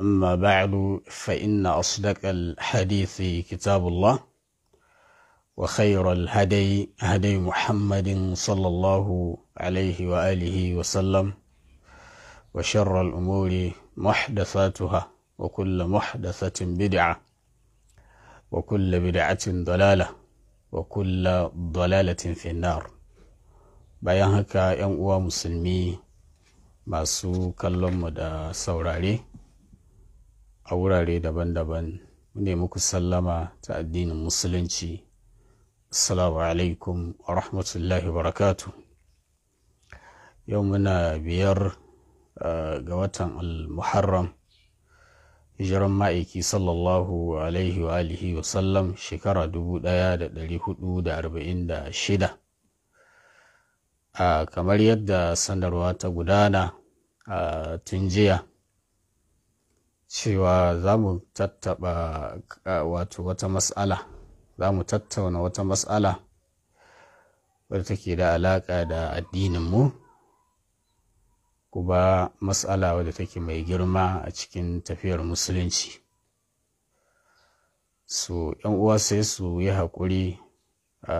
أما بعد فإن أصدق الحديث كتاب الله وخير الهدي هدي محمد صلى الله عليه وآله وسلم وشر الأمور محدثاتها وكل محدثة بدعة وكل بدعة ضلالة وكل ضلالة في النار bayan haka 'yan uwa musulmi masu kallonmu da saurare a wurare daban-daban ne muku sallama ta addinin musulunci assalamu alaikum wa rahmatullahi barakatu yau muna biyar eh, ga watan al-muharram hijiran ma'aiki sallallahu alaihi wa alihi wa sallam shekara shida a ah, kamar yadda sanarwa ta gudana a ah, tun jiya cewa za mu tattaba wato wata matsala za mu tattauna wata matsala wadda take da alaƙa da addininmu kuma matsala wadda take mai girma a cikin tafiyar musulunci su yan uwa sai su yi haƙuri a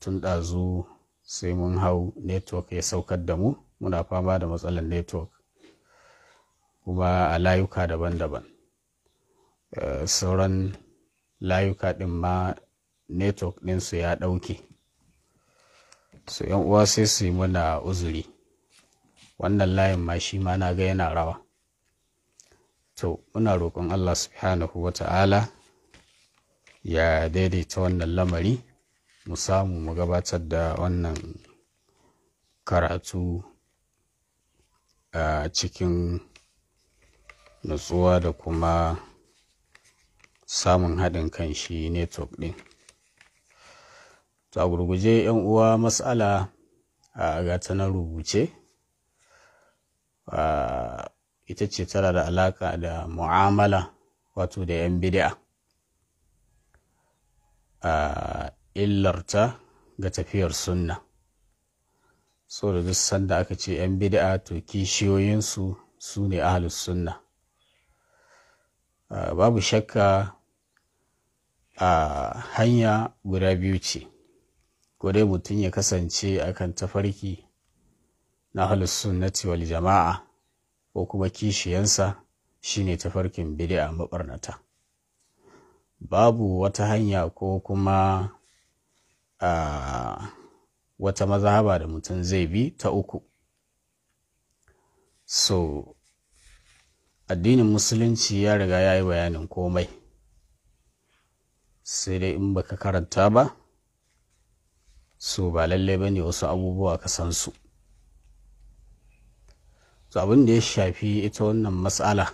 tun ɗazu sai mun hau network ya saukar da mu muna fama da matsalar network kuma a layuka daban-daban eh, sauran layuka ɗin ma network ɗinsu ya ɗauke su yan uwa sai su yi mana uzuri wannan layin ma shi ma na ga yana rawa to muna roƙon allah subhanahu wa ta'ala ya daidaita wannan lamari mu samu mu gabatar da wannan karatu a ah, cikin nutsuwa da kuma samun haɗin kan shi network ɗin a gurguje yan uwa matsala a gata na rubuce ita ce tana da alaƙa da mu'amala wato da 'yan bid'a illarta ga tafiyar sunna so duk sanda aka ce 'yan bid'a to kishiyoyinsu su ne ahalus sunna Ah, babu shakka a hanya guda biyu ce ko dai mutum ya kasance akan tafarki na na wal jama'a ko kuma kishiyansa shine tafarkin bid'a mabarnata babu wata hanya ko kuma a wata mazhaba da mutum zai bi ta uku so addinin musulunci ya riga ya yi bayanin komai sai dai in baka karanta ba so ba lallai ba ne wasu abubuwa ka san su abin da ya shafi ita wannan matsala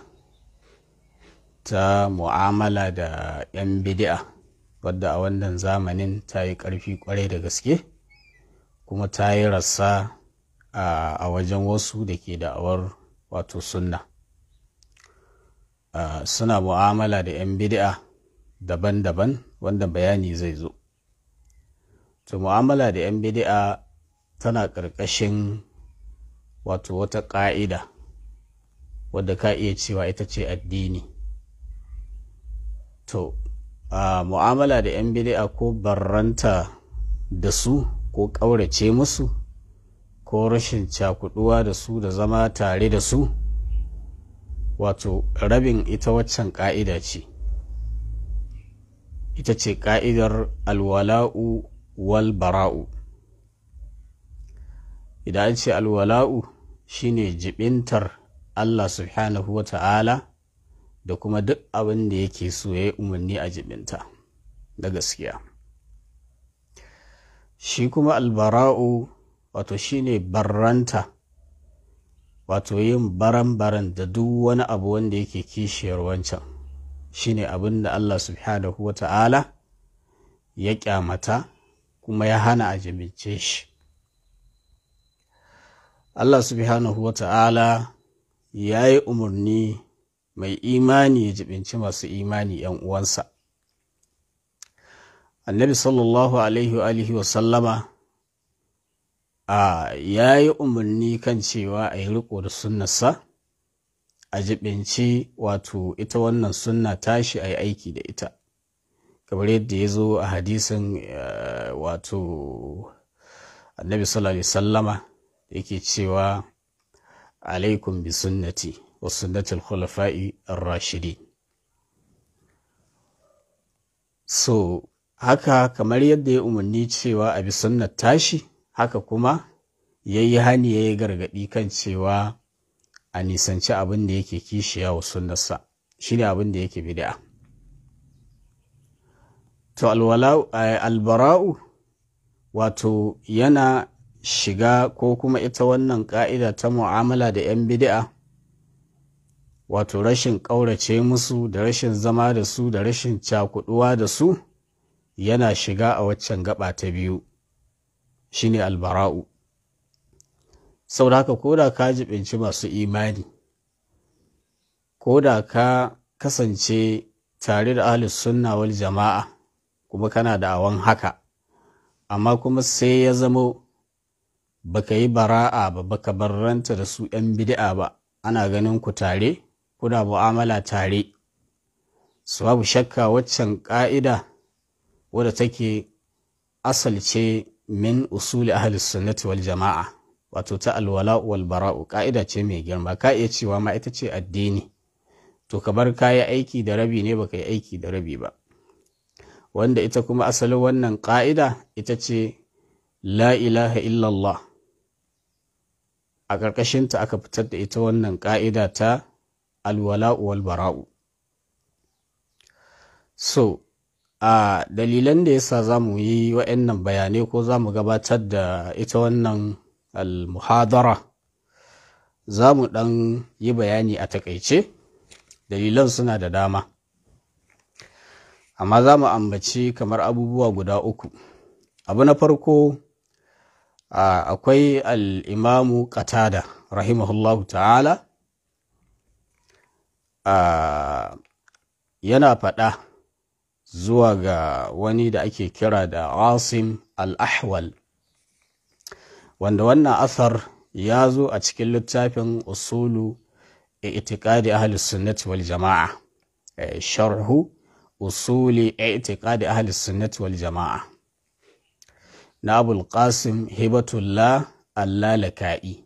ta mu'amala da 'yan bidi'a wadda a wannan zamanin ta yi ƙarfi ƙwarai da gaske kuma ta yi rasa a wajen wasu da ke da'awar wato sunna Ah, suna mu'amala da 'yan bid'a daban-daban wanda bayani zai zo to mu'amala da 'yan bid'a tana ƙarƙashin wato wata ƙa'ida wadda ka iya cewa ita ce addini to ah, mu'amala da 'yan bid'a ko barranta da su ko ƙaurace musu ko rashin cakuɗuwa da su da zama tare da su wato rabin ita waccan ƙa'ida ce ita ce ƙa'idar alwala'u wal bara'u idan an ce alwala'u shine jibintar Allah subhanahu wa ta'ala da kuma duk abin da yake so ya yi umarni a jibinta da gaskiya shi kuma albara'u wato shine barranta wato yin baran-baran da duk wani abu wanda yake kishiyar wancan shine abin da Allah subhanahu wa ta'ala ya kyamata kuma ya hana a jimince shi Allah subhanahu wa ta'ala ya yi umarni mai imani ya jibinci masu imani ‘yan uwansa. Annabi sallallahu Alaihi wa sallama a ya yi umarni kan cewa a yi riko da sunnarsa a jibinci wato ita wannan sunna tashi a yi aiki da ita kamar yadda ya zo a hadisin eh, wato annabi sallallahu sallama yake cewa alaikum bi sunnati wa sunnatul khulafa'i ar-rashidin so haka kamar yadda ya umarni cewa a bi sunnar tashi haka kuma ya yi hani ya yi gargaɗi kan cewa a nisanci abin da yake kishiya wa sunnarsa shi ne abin da yake bid'a to eh, albara'u wato yana shiga ko kuma ita wannan ƙa'ida ta mu'amala da 'yan bid'a wato rashin ƙaurace musu da rashin zama da su da rashin cakuɗuwa da su yana shiga a waccan gaba ta biyu shine albara'u saboda haka ko da ka jibinci masu imani ko da ka kasance tare da ahli sunna wal jama'a kuma kana da awan haka amma kuma sai ya zamo baka yi bara'a ba baka barranta da su 'yan bid'a ba ana ganin ku tare kuna mu'amala tare su babu shakka waccan ƙa'ida wadda take asalce min usuli ahli sunnati wal jama'a wato ta alwala wal bara'u ka'ida ce mai girma ka iya cewa ma ita ce addini to ka bar kayi aiki da rabi ne baka yi aiki da rabi ba wanda ita kuma asalin wannan ka'ida ita ce la ilaha illallah a ƙarƙashinta aka fitar da ita wannan ka'ida ta alwala wal bara'u so a dalilan da yasa za mu yi wa'annan bayanai ko za mu gabatar da ita wannan almuhadara za mu ɗan yi bayani a takaice dalilan suna da dama amma za mu ambaci kamar abubuwa guda uku abu na farko akwai al'imamu qatada rahimahullahu ta'ala yana faɗa zuwa ga wani da ake kira da asim al-ahwal wanda wannan athar ya zo a cikin littafin usulu e i'tiqadi ahli sunnati wal jama'a e sharhu usuli e i'tiqadi ahli sunnati wal jama'a na abul qasim hibatullah allalaka'i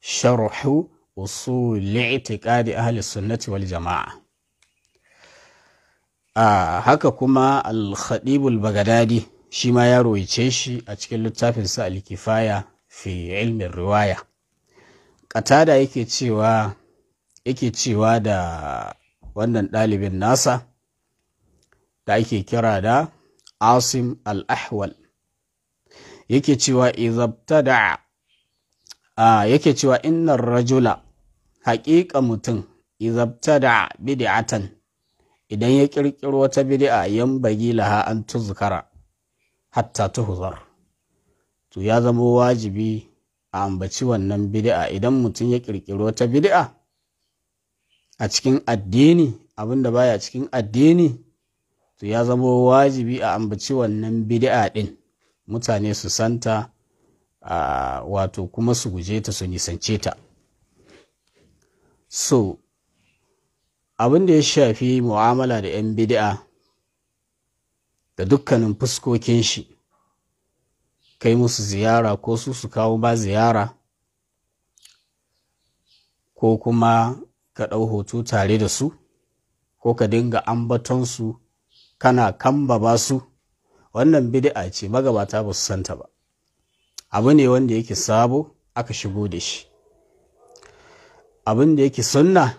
sharhu usuli i'tiqadi ahli sunnati wal jama'a haka kuma al bagadadi shi ma ya roice shi a cikin littafinsa alkifaya kifaya fi ilmin riwaya katada yake cewa yake cewa da wannan ɗalibin nasa da ake kira da asim al-ahwal yake cewa izabtada a yake cewa innar rajula haƙiƙa mutum izabtada bid'atan idan ya ƙirƙiro wata bidi'a yan bagi laha an tuzkara hatta tuhzar to ya zama wajibi a ambaci wannan bid'a idan mutum ya ƙirƙiro wata bid'a a cikin addini abinda baya cikin addini to ya zama wajibi a ambaci wannan bidi'a din mutane su santa wato kuma su guje ta su nisance ta so abin da ya shafi mu'amala da 'yan bidi'a da dukkanin fuskokin shi kai musu ziyara ko su su kawo ba ziyara ko kuma ka ɗau hoto tare da su ko ka dinga ambatonsu kana ba su wannan bid'a ce magabata ba su santa ba abu ne wanda yake sabo aka shigo da shi abin da yake sunna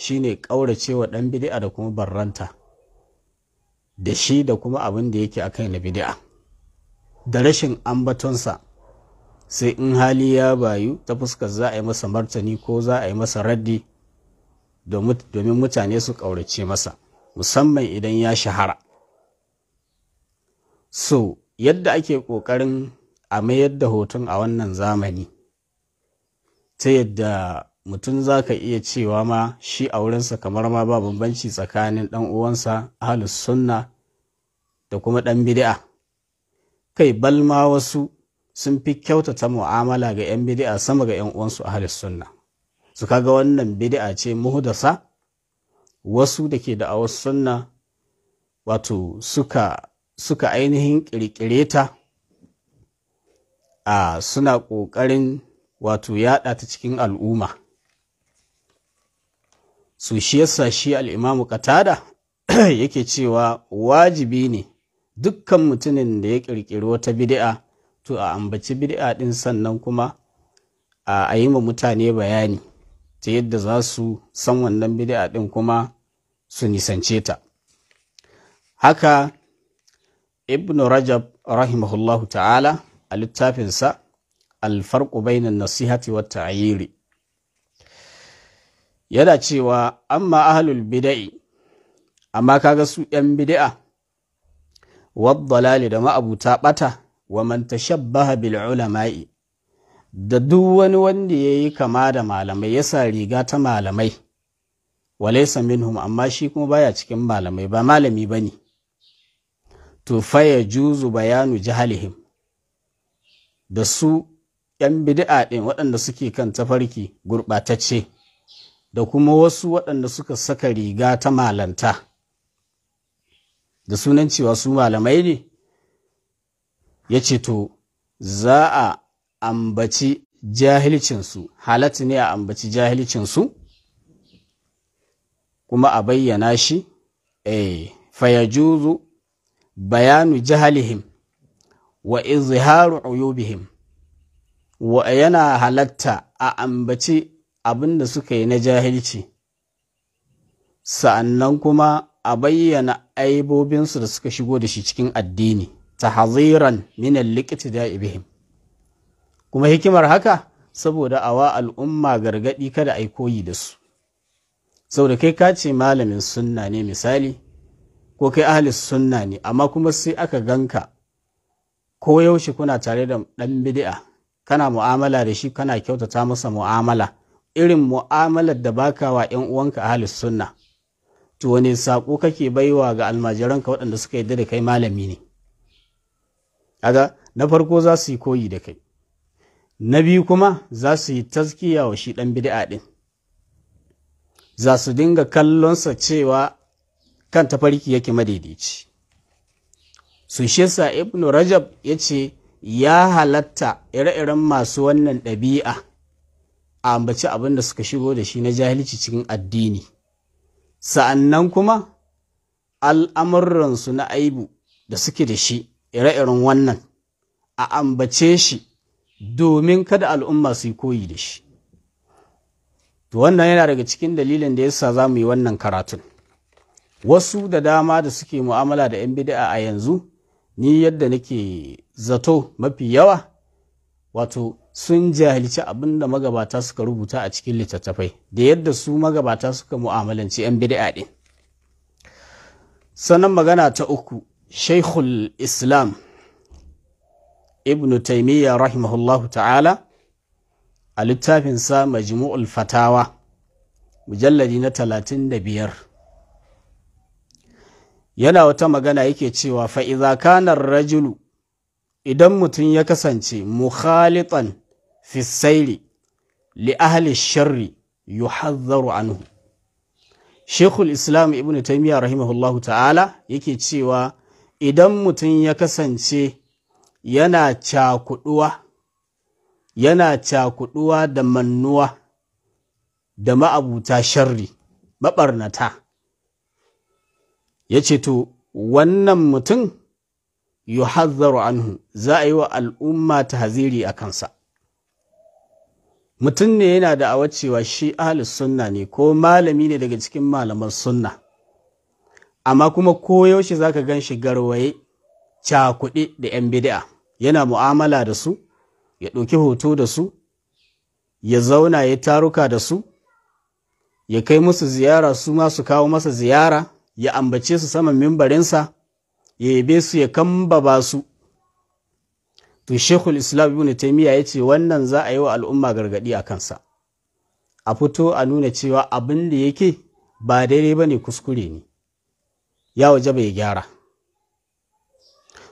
Shi shine ƙauracewa ɗan bidi'a da kuma barranta da shi da kuma abin da yake kai na bidi'a. da rashin ambatonsa sai in hali ya bayu ta fuskar za a yi masa martani ko za a yi masa raddi domin mutane su ƙaurace masa musamman idan ya shahara so yadda ake ƙoƙarin a mayar da hoton a wannan zamani ta yadda mutum za ka iya cewa ma shi a wurinsa kamar ma ba bambanci tsakanin ɗan uwansa ahalus sunna da kuma ɗan bid'a kai Balma wasu sun fi kyautata mu'amala ga 'yan bid'a sama ga 'yan uwansu ahalus sunna su kaga wannan bidi'a ce muhdasa wasu da ke da a wasu sunna wato suka ainihin ƙirƙire ta a suna ƙoƙarin wato yaɗa ta cikin al'umma su shi yasa shi al'imamu katada yake cewa wajibi ne dukkan mutumin da ya ƙirƙiri wata bid'a to a ambaci bid'a ɗin sannan kuma a yi ma mutane bayani ta yadda za su san wannan bid'a ɗin kuma su nisance ta haka ibn rajab rahimahullahu ta'ala a littafinsa alfarku bainan nasihati wata ayyiri yana cewa amma ahlul bida'i amma kaga su ‘yan bida'a waddalali da ma'abuta ɓata wa man tashabbaha bil ulama'i da duk wani wanda ya yi kama da malamai ya sa riga ta malamai walaisa minhum amma shi kuma baya cikin malamai ba malami ba ne to faya juzu bayanu jahalihim da su ‘yan bida'a ɗin waɗanda suke kan tafarki gurɓatacce. da kuma wasu waɗanda suka saka riga ta malanta da sunan cewa su malamai ne ya ce to za a ambaci jahilcinsu halatta ne a ambaci jahilcinsu kuma a bayyana shi e eh, fayajuzu bayanu jahalihim wa izharu uyubihim wa yana halatta a ambaci abin da suka yi na jahilci sa'annan kuma a bayyana aibobinsu da suka shigo da shi cikin addini ta tahaziran minan likita da ibihim kuma hikimar haka saboda awa al'umma gargaɗi kada a yi koyi da su saboda kai ka ce malamin sunna ne misali ko kai ahli sunna ne amma kuma sai aka ganka ko yaushe kuna tare da ɗan bid'a kana mu'amala da shi kana kyautata masa mu'amala irin mu'amalar da baka wa 'yan uwanka ahlus sunna to wane saƙo kake baiwa ga almajiranka waɗanda suka yarda da kai malami ne kaga na farko za su yi koyi da kai na biyu kuma za su yi taskiya wa shi ɗan bid'a ɗin za su dinga kallonsa cewa kan tafarki yake madaidaici su shesa ibnu rajab ya ce ya halatta ire-iren masu wannan ɗabi'a a ambaci abin da suka shigo da shi na jahilci cikin addini sa'annan kuma al'amuransu na aibu da suke da shi ire-iren wannan a ambace shi domin kada al'umma su yi koyi da shi to wannan yana daga cikin dalilin da yasa za mu yi wannan karatun wasu da dama da suke mu'amala da 'yan bid'a a yanzu ni yadda nake zato mafi yawa wato sun jahilci abin da magabata suka rubuta a cikin littattafai da yadda su magabata suka mu'amalanci 'yan bid'a ɗin sannan magana ta uku shaikhul islam ibn taimiyya rahimahullahu ta'ala a sa majmu'ul fatawa mujalladi na talatin da biyar yana wata magana yake cewa fa'iza kanar rajulu idan mutum ya kasance mukhalitan fi saili li ahli sharri yuhadharu anhu Shekul Islam Ibn Taymiyyah rahimahullahu ta'ala yake cewa idan mutum ya kasance yana cakuɗuwa yana cakuduwa da mannuwa da ma'abuta sharri maɓarnata yace to wannan mutum yuhazzaru anhu za a yi wa al'umma ta haziri a kansa mutum ne yana da awa cewa shi ahlus sunna ne ko malami ne daga cikin malaman sunna amma kuma koyaushe za ka gan shi garwaye cakuɗe da 'yan bidi'a yana mu'amala da su ya ɗauki hoto da su ya zauna ya taruka da su ya kai musu ziyara su masu kawo masa ziyara ya ambace su saman mimbarinsa ya yabe su ya kamba ba su to shekul islam ibn taimiyya ya ce wannan za a yi wa al'umma gargaɗi a kansa a fito a nuna cewa abin da yake ba daidai ba ne kuskure ne ya waje bai gyara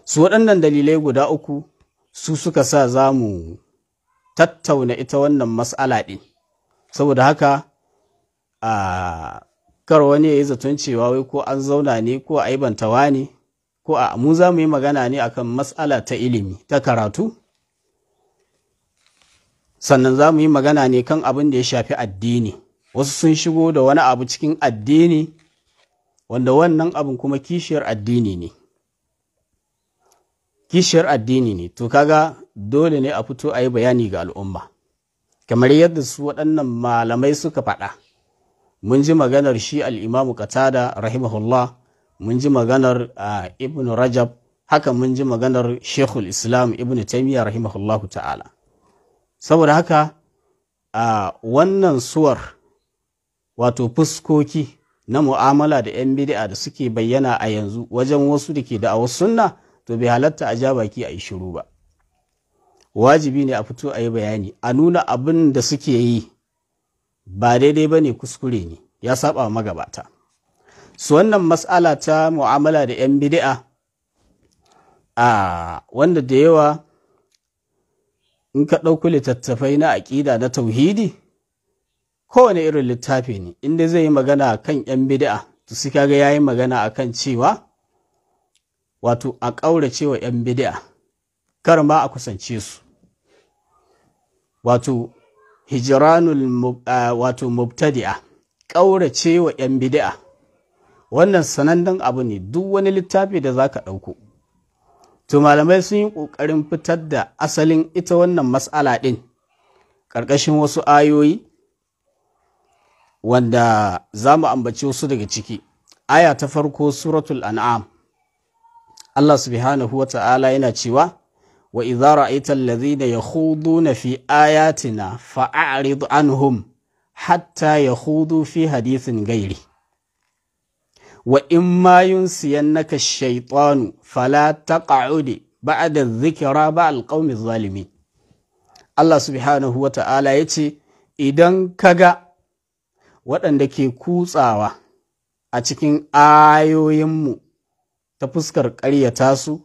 su waɗannan dalilai guda uku su suka sa za mu tattauna ita wannan matsala ɗin saboda haka a kar wani ya yi zaton cewa wai ko an zauna ne ko a bantawa ne ko a mu za mu yi magana ne akan matsala ta ilimi ta karatu sannan za mu yi magana ne kan abin da ya shafi addini wasu sun shigo da wani abu cikin addini wanda wannan abin kuma kishiyar addini ne kishiyar addini ne to kaga dole ne a fito a yi bayani ga al'umma kamar yadda su waɗannan malamai suka faɗa mun ji maganar shi al'imamu katada rahimahullah mun ji maganar ibn rajab haka mun ji maganar shekul islam ibn taimiyya rahimahullahu ta'ala saboda haka a wannan suwar wato fuskoki na mu'amala da 'yan bid'a da suke bayyana a yanzu wajen wasu da ke da a sunna to bai halatta a ja baki a yi shiru ba wajibi ne a fito a yi bayani a nuna abin da suke yi ba daidai ba ne kuskure ne ya saba magabata su wannan mas'ala ta mu'amala da 'yan bidi'a a wanda da yawa in ka ɗauku littattafai na aƙida na tauhidi kowane irin littafi ne inda zai yi magana kan 'yan bidi'a to su kaga ya yi magana a kan cewa wato a ƙaura cewa 'yan bidi'a kar ma a kusance su wato hijiranul wato mubtadi'a ƙaura cewa 'yan bidi'a wannan sanannen abu ne duk wani littafi da za ka ɗauko to malamai sun yi ƙoƙarin fitar da asalin ita wannan mas'ala ɗin ƙarƙashin wasu ayoyi wanda za mu ambaci wasu daga ciki aya ta farko suratul an'am Allah subhanahu wa ta'ala yana cewa wa idza ra'aita alladhina yakhuduna fi ayatina fa'rid anhum hatta yakhudu fi hadisin gairi wa in ma yunsiyannaka shaytanu fala taq'udi da dhikra ba alqaumi zalimi Allah subhanahu wa ta'ala ya ce idan kaga waɗanda ke kutsawa a cikin ayoyinmu ta fuskar ƙaryata su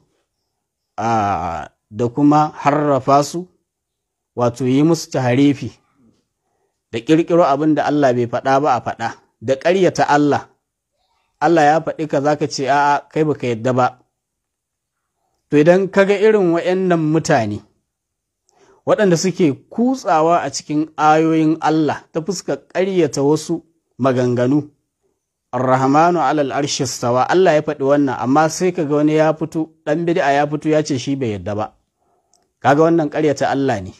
da kuma harrafa su wato yi musu taharifi da ƙirƙiro abin da Allah bai faɗa ba a faɗa da ƙaryata Allah Allah ya faɗi ka zaka ce a'a kai baka yadda ba to idan ka ga irin waɗannan mutane waɗanda suke kutsawa a cikin ayoyin Allah ta fuska ƙaryata wasu maganganu Ar-Rahmanu alal arshistawa Allah ya faɗi wannan amma sai kaga wani ya fito ɗan bid'a ya fito ya ce shi bai yadda ba kaga wannan ƙaryata Allah ne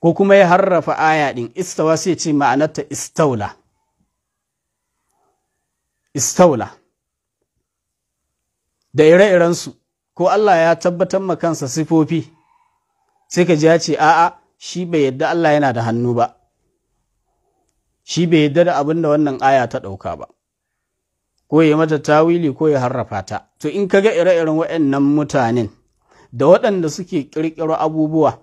ko kuma ya harrafa aya ɗin istawa sai ce ma'anarta istaula istaula da ire-irensu ko Allah ya tabbatar ma kansa sifofi sai ka ji ya ce a'a shi bai yadda Allah yana da hannu ba shi bai yadda da abin da wannan aya ta ɗauka ba ko ya mata tawili ko ya harrafa ta to in ka ga ire-iren waɗannan mutanen da waɗanda suke ƙirƙiro abubuwa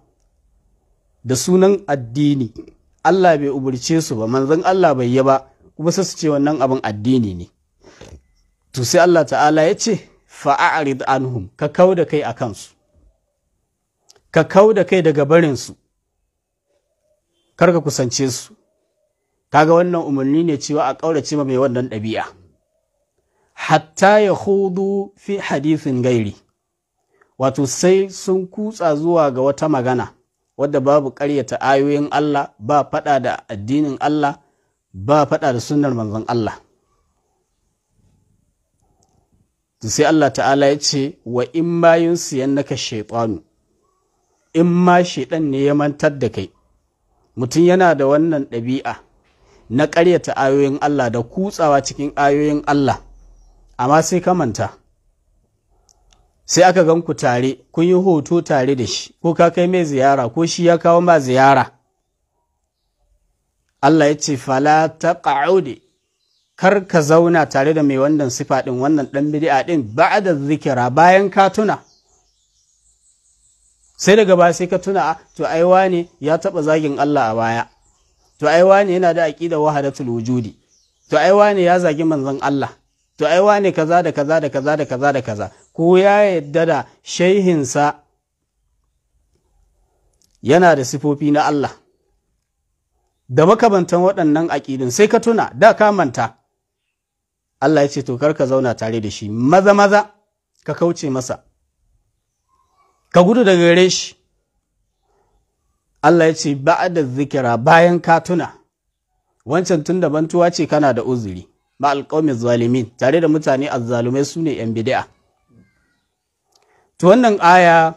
da sunan addini Allah bai umarce su ba manzon Allah bai yi ba kuma sai su ce wannan abin addini ne to sai Allah ta'ala ya ce fa'arid anhum ka kau da kai a kansu ka kau da kai daga barinsu karka kusance su kaga wannan umarni ne cewa a ƙaurace ma mai wannan ɗabi'a hatta ya hudu fi hadithin gairi wato sai sun kutsa zuwa ga wata magana wadda babu ƙaryata ayoyin Allah ba faɗa da addinin Allah ba faɗa da sunnar manzon Allah to sai Allah ta'ala ya ce wa in ma naka shaitanu in ma shaiɗan ne ya mantar da kai mutum yana da wannan ɗabi'a na ƙaryata ayoyin Allah da kutsawa cikin ayoyin Allah amma sai ka manta sai aka gan ku tare kun yi hoto tare da shi ko ka kai mai ziyara ko shi ya kawo ma ziyara Allah ya ce fala ƙa'aude kar ka zauna tare da mai wannan sifa ɗin wannan ɗan bid'a ɗin ba da zikira bayan ka tuna sai daga baya sai ka tuna ah, to ai wane ya taɓa zagin Allah a baya to ai wane yana da aqida wahadatul wujudi to ai wane ya zagi manzon Allah to ai wane kaza da kaza da kaza da kaza da kaza ko ya yadda da shaihinsa yana da sifofi na Allah da makabantan waɗannan aƙidin sai ka tuna da ka manta Allah ya ce to kar ka zauna tare da shi maza maza ka kauce masa ka gudu daga gare shi Allah ya ce ba'da zikira bayan ka tuna wancan tun da bantuwa ce kana da uzuri ba alƙawmin zalimin tare da mutane azzalumai su ne 'yan bida'a to wannan aya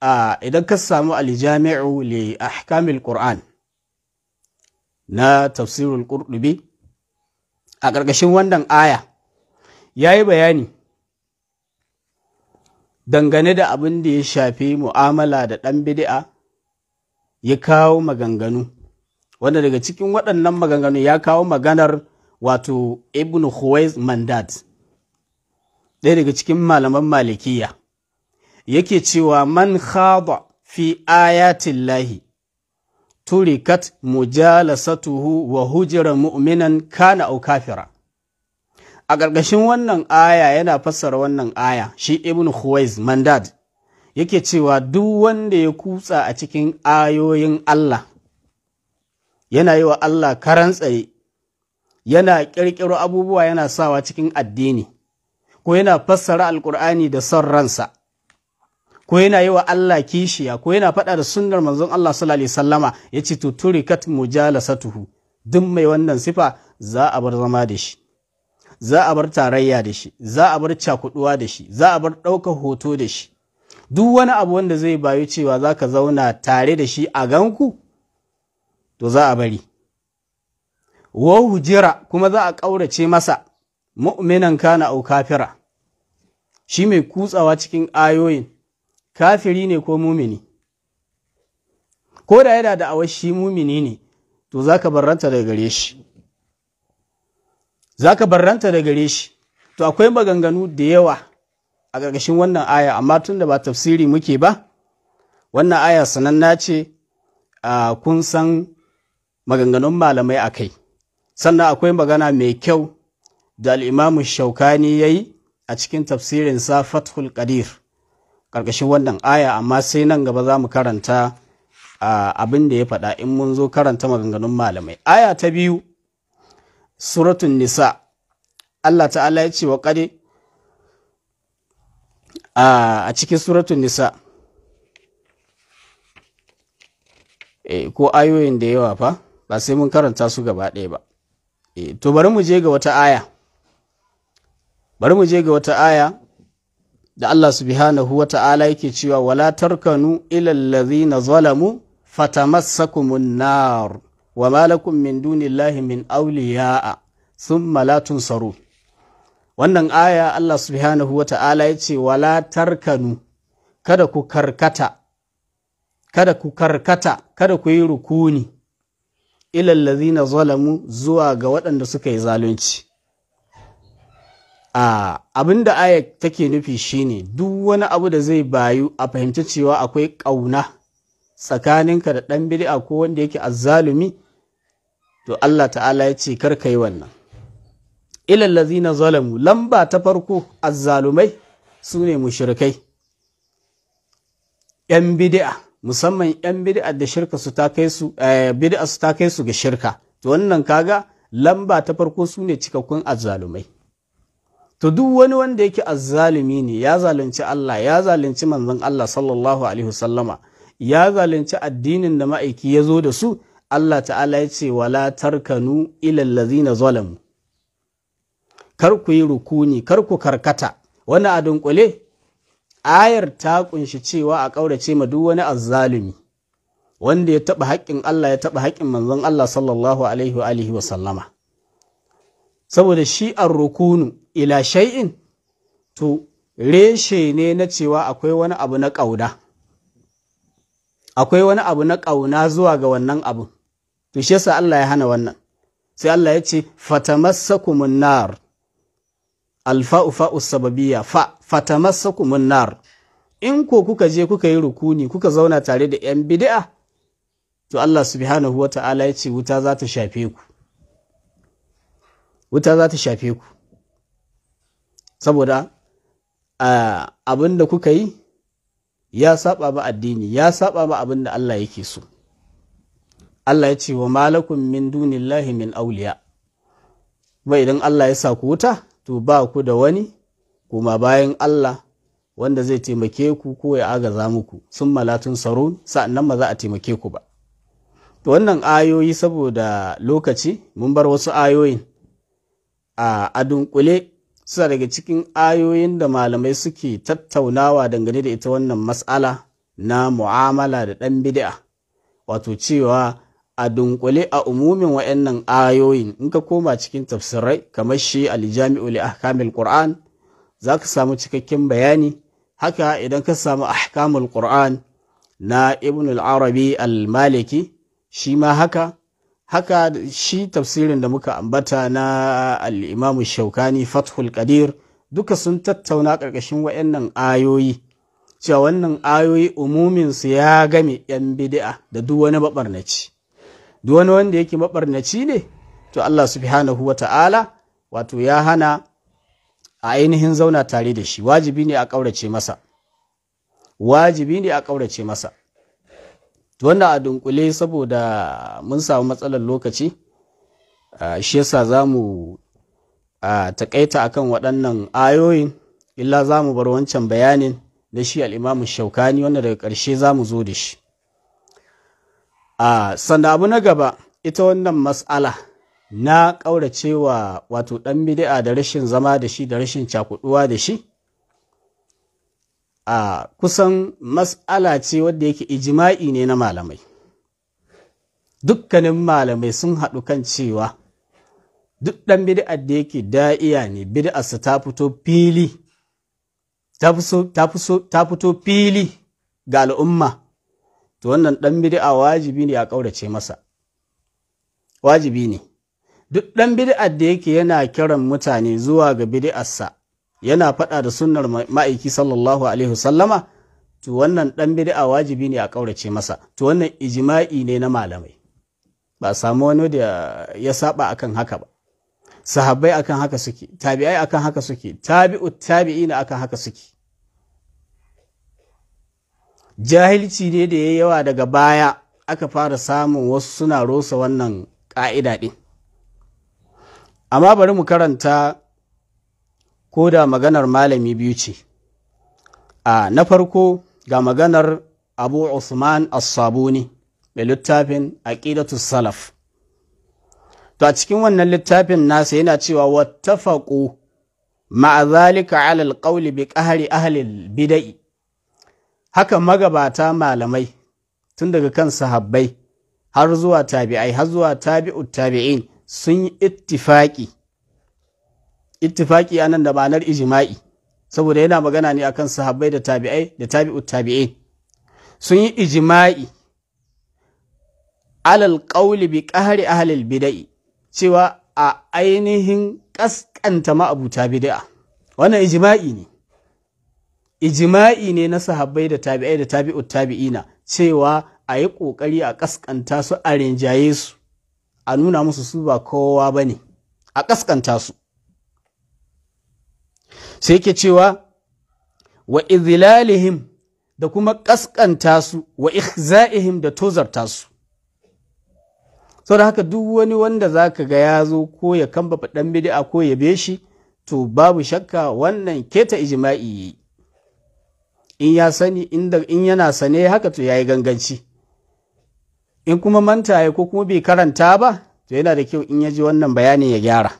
a idan ka samu aljami'u li ahkamil qur'an na tafsirul qurtubi a ƙarƙashin wannan aya ya yi bayani dangane da abin da ya shafi mu'amala da ɗan bidi'a ya kawo maganganu wanda daga cikin waɗannan maganganu ya kawo maganar wato ibn huwais mandat ɗaya daga cikin malaman malikiya yake cewa man khada fi ayatin lahi turikat mujalasatuhu wa hujira mu'minan kana au kafira a ƙarƙashin wannan aya yana fassara wannan aya shi ibn khuwaiz mandad yake cewa duk wanda ya kutsa a cikin ayoyin Allah yana yi wa Allah karan tsaye yana ƙirƙiro abubuwa yana sawa cikin addini ko yana fassara alƙur'ani da son ransa ko yana yi wa Allah kishiya ko yana faɗa da sunnar manzon Allah sallallahu alaihi wasallama yace to turikat mujalasatuhu duk mai wannan sifa za a bar zama da shi za a bar tarayya da shi za a bar cakuduwa da shi za a bar ɗaukar hoto da shi duk wani abu wanda zai bayu cewa za ka zauna tare da shi a ganku to za a bari wa hujira kuma za a ƙaurace masa mu'minan kana au kafira shi mai kutsawa cikin ayoyin kafiri ne ko mumini ko da yana da awashi mumini ne to za ka barranta da gare shi za barranta da gare shi to akwai maganganu da yawa a ƙarƙashin wannan aya amma tun da ba tafsiri muke ba wannan aya sananna ce a kun san maganganun malamai a kai sannan akwai magana mai kyau da al'imamu shaukani ya yi a cikin tafsirinsa fathul qadir ƙarƙashin wannan aya amma sai nan gaba za mu karanta abin da ya faɗa in mun zo karanta maganganun malamai aya ta biyu suratun nisa Allah ta'ala ya ce wa a cikin suratun nisa eh, ko ayoyin da yawa fa ba sai mun karanta su gaba ɗaya ba eh, to bari mu je ga wata aya bari mu je ga wata aya da Allah subhanahu wa ta'ala yake cewa wala tarkanu ilal ladhina zalamu fatamassakumun nar wa malakum min dunillahi min awliya'a thumma la tunsarun wannan aya Allah subhanahu wa ta'ala ya ce wala tarkanu kada ku karkata kada ku karkata kada ku yi rukuni ilal ladhina zalamu zuwa ga waɗanda suka yi zalunci a abin da ayat take nufi shine duk wani abu da zai bayu a fahimci cewa akwai ƙauna tsakaninka da ɗan bid'a ko wanda yake azzalumi to Allah ta'ala ya ce kar yi wannan ilal ladzina zalamu lamba ta farko azzalumai sune mushrikai yan bid'a musamman yan bid'a da shirka su ta kai su eh, bid'a su ta kai su ga shirka to wannan kaga lamba ta farko sune cikakkun azzalumai to duk wani wanda yake azzalumi ne ya zalunci Allah ya zalunci manzon Allah sallallahu alaihi wasallama ya zalunci addinin da ma'aiki ya zo da su Allah ta'ala ya ce wala tarkanu ilal ladzina zalamu kar ku yi rukuni kar ku karkata wani a dunkule ayar ta kunshi cewa a ƙaurace ma duk wani azzalumi wanda ya taba haƙƙin Allah ya taba haƙƙin manzon Allah sallallahu alaihi wa alihi wa sallama saboda shi an rukunu ila shay'in to reshe ne na cewa akwai wani abu na ƙauna akwai wani abu na ƙauna zuwa ga wannan abu to shi yasa Allah ya hana wannan sai Allah ya ce fatamassakumun nar alfa'u fa'u sababiyya fa fatamassakumun nar in ko kuka je kuka yi rukuni kuka zauna tare da yan bid'a to Allah subhanahu wata'ala ya ce wuta za ta shafe ku wuta za ta shafe ku saboda abin da kuka yi ya saba ma addini ya saba ma abin da Allah yake so Allah ya ce wa malakun min dunillahi min auliya ba idan Allah ya sa ku wuta to ba ku da wani kuma bayan Allah wanda zai taimake ku ko ya agaza muku sun malatun tsaro sa'annan ma za a taimake ku ba wannan ayoyi saboda lokaci mun bar wasu ayoyin a dunƙule suna daga cikin ayoyin da malamai suke tattaunawa dangane da ita wannan matsala na mu'amala da ɗan bid'a wato cewa a dunkule a umumin wa'annan ayoyin in ka koma cikin tafsirai kamar shi aljami'u li ahkamil qur'an za ka samu cikakken bayani haka idan ka samu ahkamul qur'an na ibn al-arabi al-maliki shi ma haka haka shi tafsirin da muka ambata na al'imamu shaukani fathul qadir duka sun tattauna ƙarƙashin wa'yannan ayoyi cewa wannan ayoyi umuminsu ya game 'yan bidi'a da duk wani maɓarnaci duk wani wanda yake maɓarnaci ne to Allah subhanahu wa ta'ala wato ya hana a ainihin zauna tare da shi wajibi ne a ƙaurace masa wajibi ne a ƙaurace masa wanda wannan a dunkule saboda mun samu matsalar lokaci shi yasa za mu a akan waɗannan ayoyin illa za mu bar wancan bayanin da shi al'imamu shaukani wanda daga ƙarshe za mu zo da shi sanda abu na gaba ita wannan matsala na ƙauracewa wato ɗan bidi'a da rashin zama da shi da rashin cakuɗuwa da shi a kusan mas'ala ce wadda yake ijima'i ne na malamai dukkanin malamai sun haɗu kan cewa duk ɗan bid'ar da yake da'iya ne bid'arsa ta fito fili ta fito fili ga al'umma to wannan ɗan bid'a wajibi ne a ƙaurace masa wajibi ne duk ɗan bid'ar da yake yana kiran mutane zuwa ga bid'arsa yana faɗa da sunnar ma'aiki sallallahu alaihi wasallama to wannan ɗan bid'a wajibi ne a ƙaurace masa to wannan ijma'i ne na malamai ba samu wani da ya saba akan haka ba sahabbai akan haka suke tabi'ai akan haka suke tabi'u tabi'ina akan haka suke jahilci ne da ya yawa daga baya aka fara samun wasu suna rosa wannan ƙa'ida ɗin amma bari mu karanta ko da maganar malami biyu ce a na farko ga maganar abu usman as-sabuni mai littafin aqidatu salaf to a cikin wannan littafin nasa yana cewa wattafaqu ma'a zalika 'ala al-qawli bi qahri ahli al-bid'i haka magabata malamai tun daga kan sahabbai har zuwa tabi'ai har zuwa tabi'ut tabi'in sun yi ittifaqi ittifaki a nan da ma'anar ijima'i saboda yana magana ne akan sahabbai da tabi'ai da tabi'u tabi'in sun yi ijima'i alal qawli bi qahri ahlil bid'i cewa a ainihin kaskanta ma'abuta bid'a wannan ijima'i ne ijima'i ne na sahabbai da tabi'ai da tabi'ut tabi'ina cewa a yi ƙoƙari a ƙasƙanta su a rinjaye su a nuna musu su ba kowa ba ne a ƙasƙanta su sai yake cewa wa izlalihim da kuma ƙasƙanta su wa ihza'ihim da tozarta su sau da haka duk wani wanda za ka ga ya zo ko ya kamba ɗan bid'a ko ya be shi to babu shakka wannan keta ijima'i yi in ya sani in yana sane haka to yayi ganganci in kuma manta ya ko kuma bai karanta ba to yana da kyau in ya ji wannan bayanin ya gyara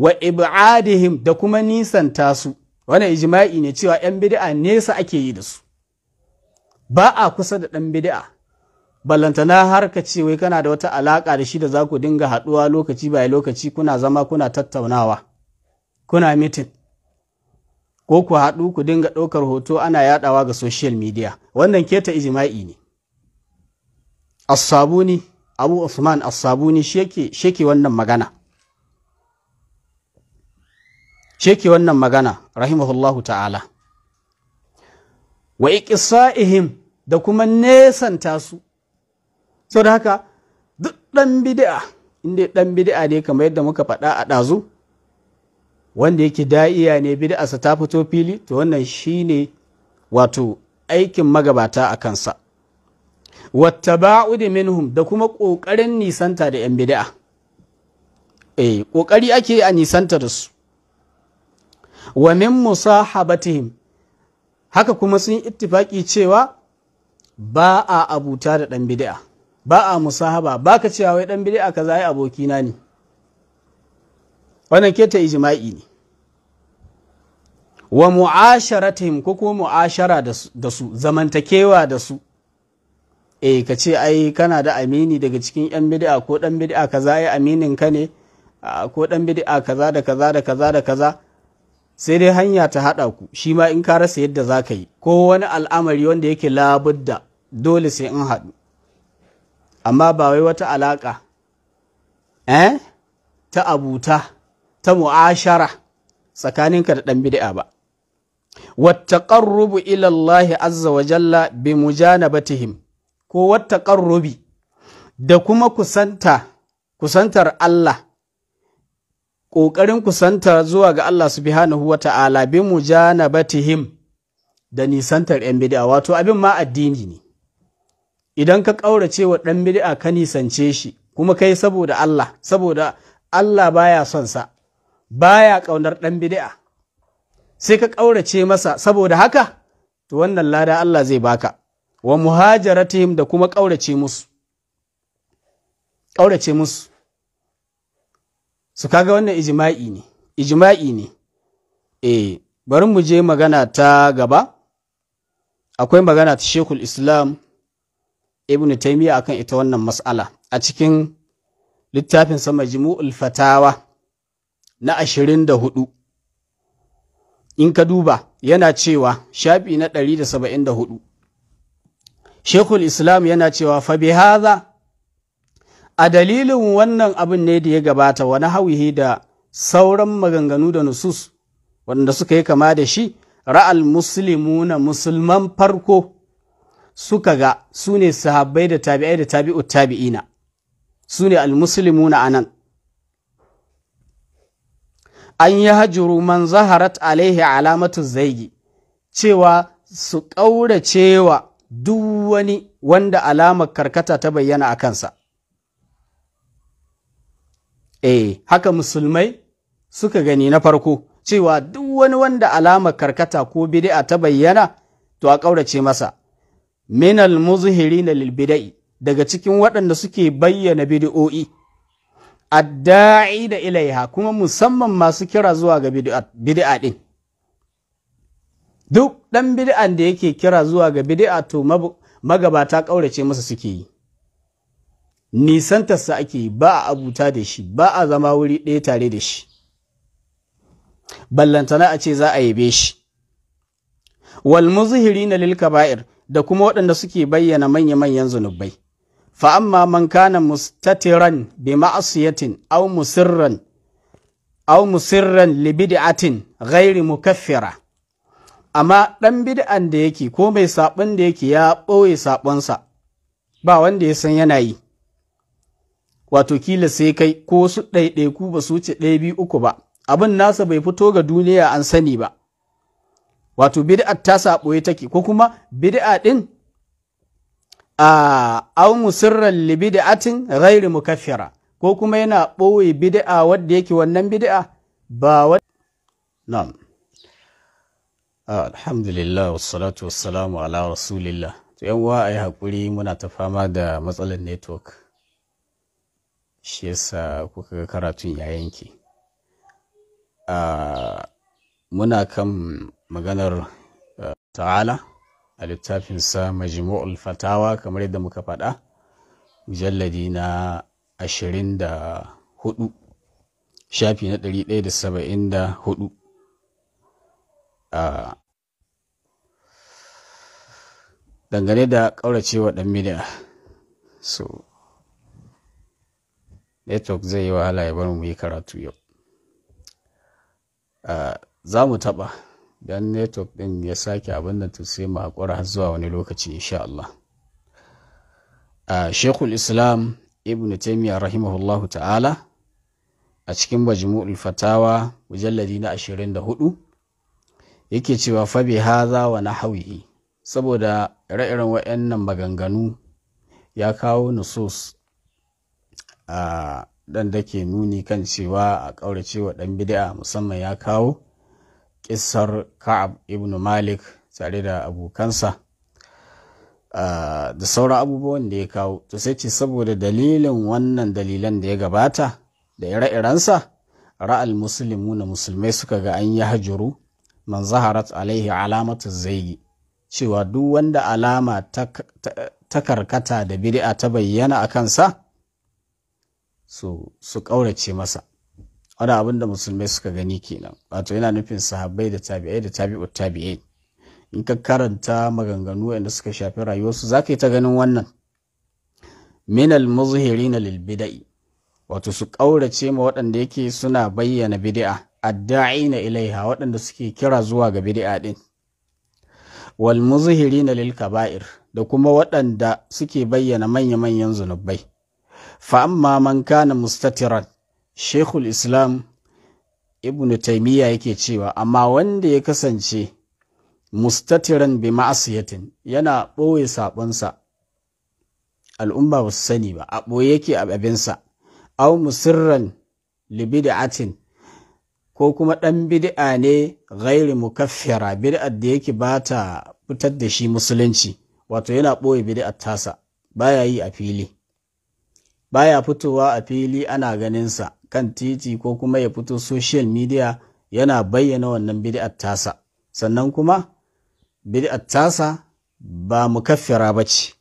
wa ib'adihim da kuma nisanta su wannan ijma'i ne cewa yan bid'a nesa ake yi da su ba a kusa da ɗan bid'a ballantana har ka ce wai kana da wata alaka da shi da za ku dinga haɗuwa lokaci bai lokaci kuna zama kuna tattaunawa kuna mitin ko ku haɗu ku dinga ɗaukar hoto ana yaɗawa ga social media wannan keta ijima'i ne as-sabuni abu usman as-sabuni sheke wannan magana sheke wannan magana rahimahullahu ta'ala wa iqsa'ihim da kuma nesanta su sau da haka duk ɗan bid'a inda ɗan bid'a ne kamar yadda muka faɗa a ɗazu wanda yake da'iya ne bid'arsa ta fito fili to wannan shine wato aikin magabata a kansa min minhum da kuma ƙoƙarin nisanta da 'yan bid'a eh ƙoƙari ake a nisanta da su wa min musahabatihim haka kuma sun yi ittifaki cewa ba a abuta da ɗan bid'a ba a musahaba ba ka cewa wai ɗan bid'a kaza ya abokina ne wannan keta ijma'i ne wa mu'asharatihim ko kuma mu'ashara da su zamantakewa da su eh ka ce ai kana da amini daga cikin yan bid'a ko dan bid'a kaza aminin ka ne ko ɗan bid'a kaza da kaza da kaza da kaza sai dai hanya ta haɗa ku shi ma in ka rasa yadda za ka yi ko wani al'amari wanda yake labudda dole sai in haɗu amma ba wai wata alaƙa eh ta abuta ta mu'ashara tsakaninka da ɗan bid'a ba wattaqarrubu ila ilallahi azza wa jalla bi mujanabatihim ko wattaqarrubi da kuma kusantar Allah ƙoƙarin kusanta zuwa ga Allah subhanahu wa ta'ala bi batihim da nisantar 'yan bid'a wato abin ma addini ne idan ka ƙaurace wa ɗan bid'a ka nisance shi kuma kai saboda Allah saboda Allah baya son sa baya ƙaunar ɗan bid'a sai ka ƙaurace masa saboda haka to wannan lada Allah zai baka wa muhajaratihim da kuma ƙaurace musu su kaga wannan ijima'i ne ijima'i ne eh bari mu je magana ta gaba akwai magana ta shekul islam ibn taimiyya akan ita wannan mas'ala a cikin littafin sama jimu'ul fatawa na ashirin da hudu in ka duba yana cewa shafi na ɗari da saba'in da hudu shekul islam yana cewa fa bi haza a dalilin wannan abin ne da ya gabata wani hawihi da sauran maganganu da nusus wanda suka yi kama da shi ra'al muslimu na musulman farko suka ga su ne sahabbai da tabi'ai da tabi'u tabi'ina su ne almuslimu na anan an yi hajjuru man zaharat alaihi alamatu zaigi cewa su ƙauracewa duk wani wanda alamar karkata ta bayyana a kansa eh haka musulmai suka gani na farko cewa duk wani wanda alamar karkata ko bid'a ta bayyana to a ƙaurace masa minal muzhiri na lilbida'i daga cikin waɗanda suke bayyana bid'o'i adda'i da ilaiha kuma musamman masu kira zuwa ga bid'a ɗin. duk ɗan bid'an da yake kira zuwa ga bid'a to magabata ƙaurace masa suke yi nisantarsa ake yi ba a abuta da shi ba a zama wuri ɗaya tare da shi ballantana a ce za a yabe shi wal muzhiri na lil kaba'ir da kuma waɗanda suke bayyana manya-manyan zunubai fa amma man kana mustatiran bi ma'asiyatin aw musirran aw musirran li bid'atin ghairi mukaffira amma 'dan bid'an da yake ko mai saɓon da yake ya ɓoye saɓonsa ba wanda ya san yana yi wato kila sai kai ko wasu ɗaiɗaiku ba su wuce ɗaya biyu uku ba abin nasa bai fito ga duniya an sani ba wato bid'a ta saɓoye take ko kuma bid'a ɗin a au musirran li bid'atin ghairu mukaffira ko kuma yana ɓoye bid'a wadda yake wannan bid'a ba wadda na'am ah, alhamdulillah wassalatu wassalamu ala rasulillah to yan uwa yi hakuri muna ta fama da matsalar network shi yasa kuka ga karatun ya yanke muna kan maganar ta'ala a littafinsa majmu'ul fatawa kamar yadda muka faɗa mujalladi na ashirin shafi na ɗari ɗaya da saba'in hudu dangane da ƙauracewa ɗan miliya so network zai yi wahala ya bar mu yi karatu yau ah, za mu taɓa don network ɗin ya sake abin da to sai mu haƙura har zuwa wani lokaci insha Allah ah, shekul islam ibn taimiyya rahimahullahu ta'ala a cikin majmu'ul fatawa mujalladi na 24 yake cewa fabi haza wa na saboda ire-iren waɗannan maganganu ya kawo nusus dan da ke nuni kan cewa a ƙauracewa ɗan bid'a musamman ya kawo ƙisar ka'ab ibn malik tare da abokansa da sauran abubuwan da ya kawo to sai ce saboda dalilin wannan dalilan da ya gabata da ire-irensa ra'al musulmi na musulmai suka ga an yi hajjuru man zaharat alaihi alamatu zaigi cewa duk wanda alama ta karkata da bid'a ta bayyana a kansa su ƙaurace masa wani abin da musulmai suka gani kenan wato yana nufin sahabbai da tabi'ai da tabi'u tabi'ai in ka karanta maganganu wanda suka shafi rayuwarsu za ka yi ta ganin wannan minal muzhirina lil bida'i wato su ƙaurace ma waɗanda yake suna bayyana bid'a na ilaiha waɗanda suke kira zuwa ga bid'a ɗin, wal muzhirina lil kaba'ir da kuma waɗanda suke bayyana manya-manyan zunubai fa amma man kana mustatiran shekul islam ibnu taimiyya yake cewa amma wanda ya kasance mustatiran bi ma'asiyatin yana ɓoye saɓonsa al'umma ba su sani ba a ɓoye yake a abinsa au musirran libida'atin ko kuma ɗan bid'a ne ghairi mukaffira bid'ar da yake ba ta fitar da shi musulunci wato yana ɓoye bid'ar tasa baya yi a fili baya fitowa a fili ana ganinsa kan titi ko kuma ya fito social media yana bayyana wannan bid'ar tasa sannan kuma bid'ar tasa ba mukaffira ba ce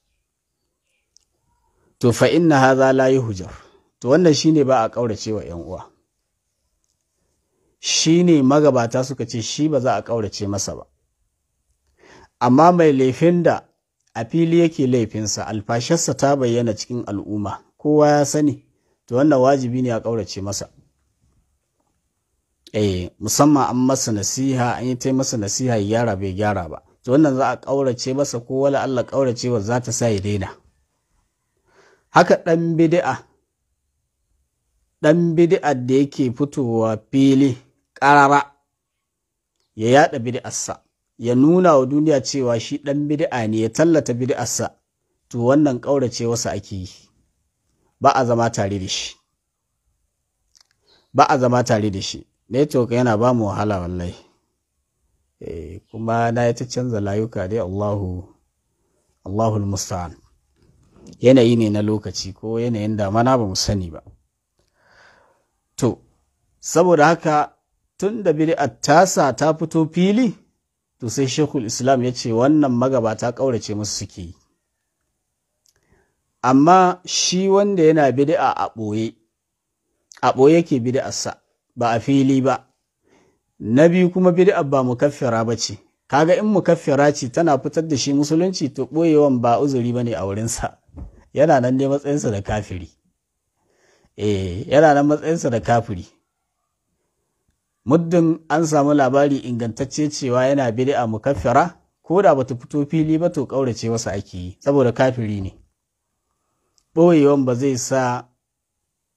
to fa inna hadha la yuhjar to wannan shine ba a kaurace wa yan uwa shine magabata suka ce shi ba za a kaurace masa ba amma mai laifin da a fili yake laifinsa alfasharsa ta bayyana cikin al'umma kowa ya sani to wannan wajibi ne a ƙaurace masa eh musamman an masa nasiha an yi ta masa nasiha ya gyara bai gyara ba to wannan za a ƙaurace masa ko wala Allah ƙauracewa za ta sa ya daina haka ɗan bid'a ɗan bid'a da yake fitowa fili ƙarara ya yaɗa bid'arsa ya nuna wa duniya cewa shi ɗan bid'a ne ya tallata bid'arsa to wannan ƙaurace ake yi ba a zama tare da shi ba a zama tare da shi network yana ba mu wahala wallahi e, kuma na ya ta canza layuka dai allahu al musta'an yanayi ne na lokaci ko yanayin damana ba mu sani ba to saboda haka tun da bid'ar tasa ta fito fili to sai shekul islam ya ce wannan magabata ƙaurace musu suke yi amma shi wanda yana bid'a a ɓoye a ɓoye yake bid'arsa ba a fili ba na biyu kuma bid'a ba mukaffira ba ce kaga in mukaffira ce tana fitar da shi musulunci to ɓoyewan ba uzuri ba ne a wurinsa yana nan ne matsayinsa da kafiri eh yana nan matsayinsa da kafiri muddin an samu labari ingantacce cewa yana bid'a mukaffira ko da bata fito fili ba to kaurace wasu ake yi saboda kafiri ne ɓoyewan ba zai sa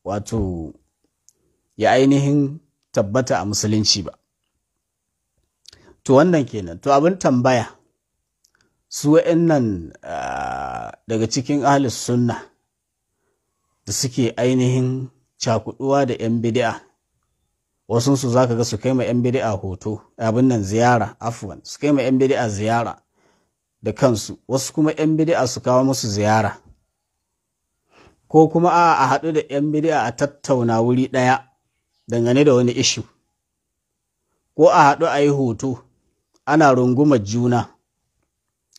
wato ya ainihin tabbata a musulunci ba to wannan kenan to abin tambaya su nan ah, daga cikin ahlus sunna da suke ainihin cakuduwa da 'yan bidi'a wasunsu za ka ga su kai ma 'yan bidi'a hoto abin nan ziyara afwan su kai ma 'yan bidi'a ziyara da kansu wasu kuma 'yan bidi'a su kawo musu ziyara ko kuma a a haɗu da 'yan bid'a a tattauna wuri ɗaya dangane da wani ishu ko a haɗu a yi hoto ana runguma juna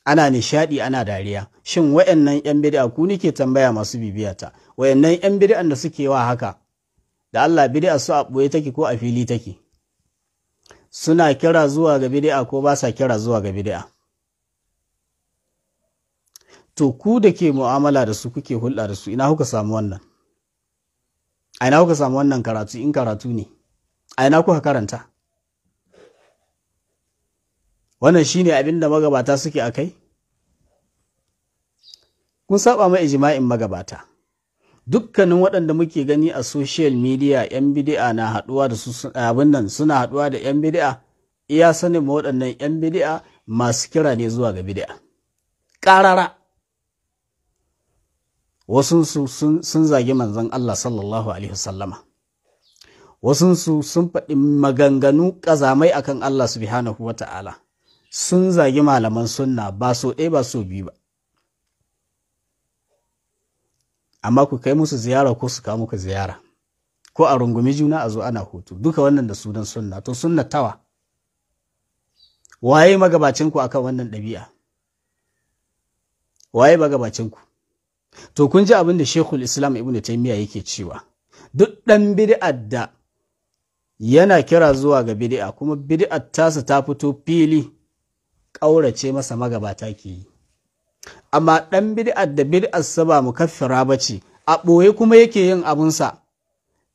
ana nishaɗi ana dariya shin wayannan 'yan bid'a ku nike tambaya masu bibiyata wayannan 'yan bid'an da suke wa haka da Allah bidi'a su a ɓoye take ko a fili take suna kira zuwa ga bid'a ko ba sa kira zuwa ga bid'a to ku da ke mu'amala da su kuke hulɗa da su ina kuka samu wannan a ina kuka samu wannan karatu in karatu ne a ina kuka karanta wannan shine abin da magabata suke a kai kun saba mai ijima'in magabata dukkanin waɗanda muke gani a social media yan bidi'a na haɗuwa da su abin nan suna haɗuwa da yan bidi'a iya sanin waɗannan yan bidi'a masu kira ne zuwa ga bidi'a ƙarara wasunsu sun zagi manzan Allah sallallahu alaihi wasallama wasunsu sun faɗi maganganu ƙazamai akan Allah subhanahu wa ta'ala sun zagi malaman sunna ba so ɗaya ba so biyu ba amma ku kai musu ziyara ko su kawo muka ziyara ko a rungumi juna a zo ana hutu duka wannan da sunan sunna to sunna tawa waye magabacinku akan wannan ɗabi'a waye magabacinku to kun ji abin da shekul islam ibn taimiyya yake cewa duk ɗan bid'ar da yana kira zuwa ga bid'a kuma bid'ar tasa ta fito fili ƙaurace masa magabata ke yi amma ɗan bid'ar da sa ba kafira ba ce a ɓoye kuma yake yin abunsa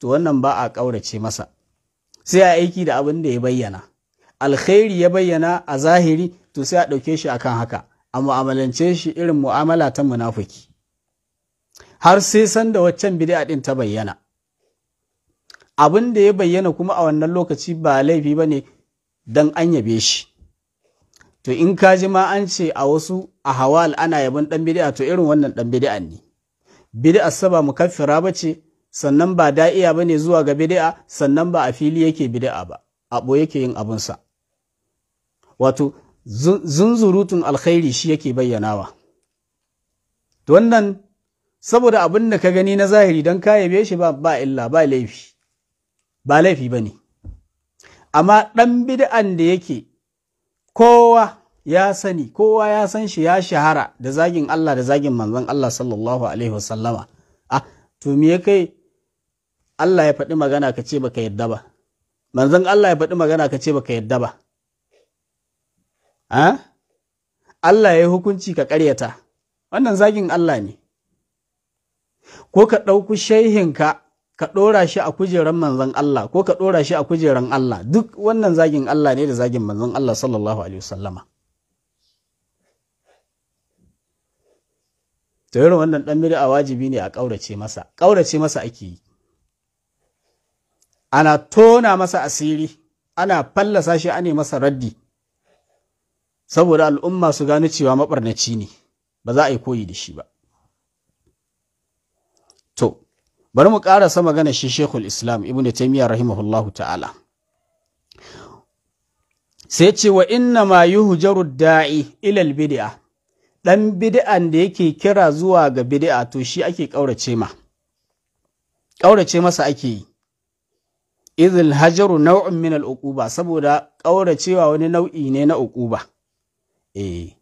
to wannan ba a ƙaurace masa sai a aiki da abin da ya bayyana alkhairi ya bayyana a zahiri to sai a ɗauke shi akan haka a mu'amalance shi irin mu'amala ta munafuki har sai sanda waccan bid'a din ta bayyana abin da ya bayyana kuma a wannan lokaci ba laifi ba ne don an yabe shi to in ka ji ma an ce a wasu a hawal ana dan ɗan bid'a to irin wannan dan bid'a ne bid'a saba mukaffira ba ce sannan ba da'iya ba ne zuwa ga bid'a sannan ba a fili yake bid'a ba a yake yin abinsa wato zunzurutun alkhairi shi yake bayyanawa wannan saboda abin da ka gani na zahiri don ka yabe shi ba illa ba laifi ba laifi ba ne amma ɗan bid'an da yake kowa ya sani kowa ya san shi ya shahara da zagin Allah da zagin manzon Allah sallallahu alaihi wasallama ah to me kai Allah ya faɗi magana ka ce baka yadda ba manzon Allah ya faɗi magana ka ce baka yadda ba ah Allah ya yi hukunci ka ƙaryata wannan zagin Allah ne ko ka ɗauku shaihinka ka ɗora shi a kujeran manzon Allah ko ka ɗora shi a kujeran Allah duk wannan zagin Allah ne da zagin manzon Allah sallallahu alaihi wasallama to irin wannan dan a wajibi ne a ƙaurace masa ƙaurace masa ake yi ana tona masa asiri ana fallasa shi ane masa raddi saboda al'umma su gano cewa maɓarnaci ne ba za a yi koyi da shi ba to bari mu ƙarasa magana shi shekul islam ibn taimiyya rahimahullahu ta'ala sai ce wa inna ma hujjaru da'i ilal bidi'a. dan bid'an da yake kira zuwa ga bidi'a to shi ake ƙaurace ma ƙaurace masa ake yi izil hajaru nau'in min al'uquba saboda ƙauracewa wani nau'i ne na uƙuba eh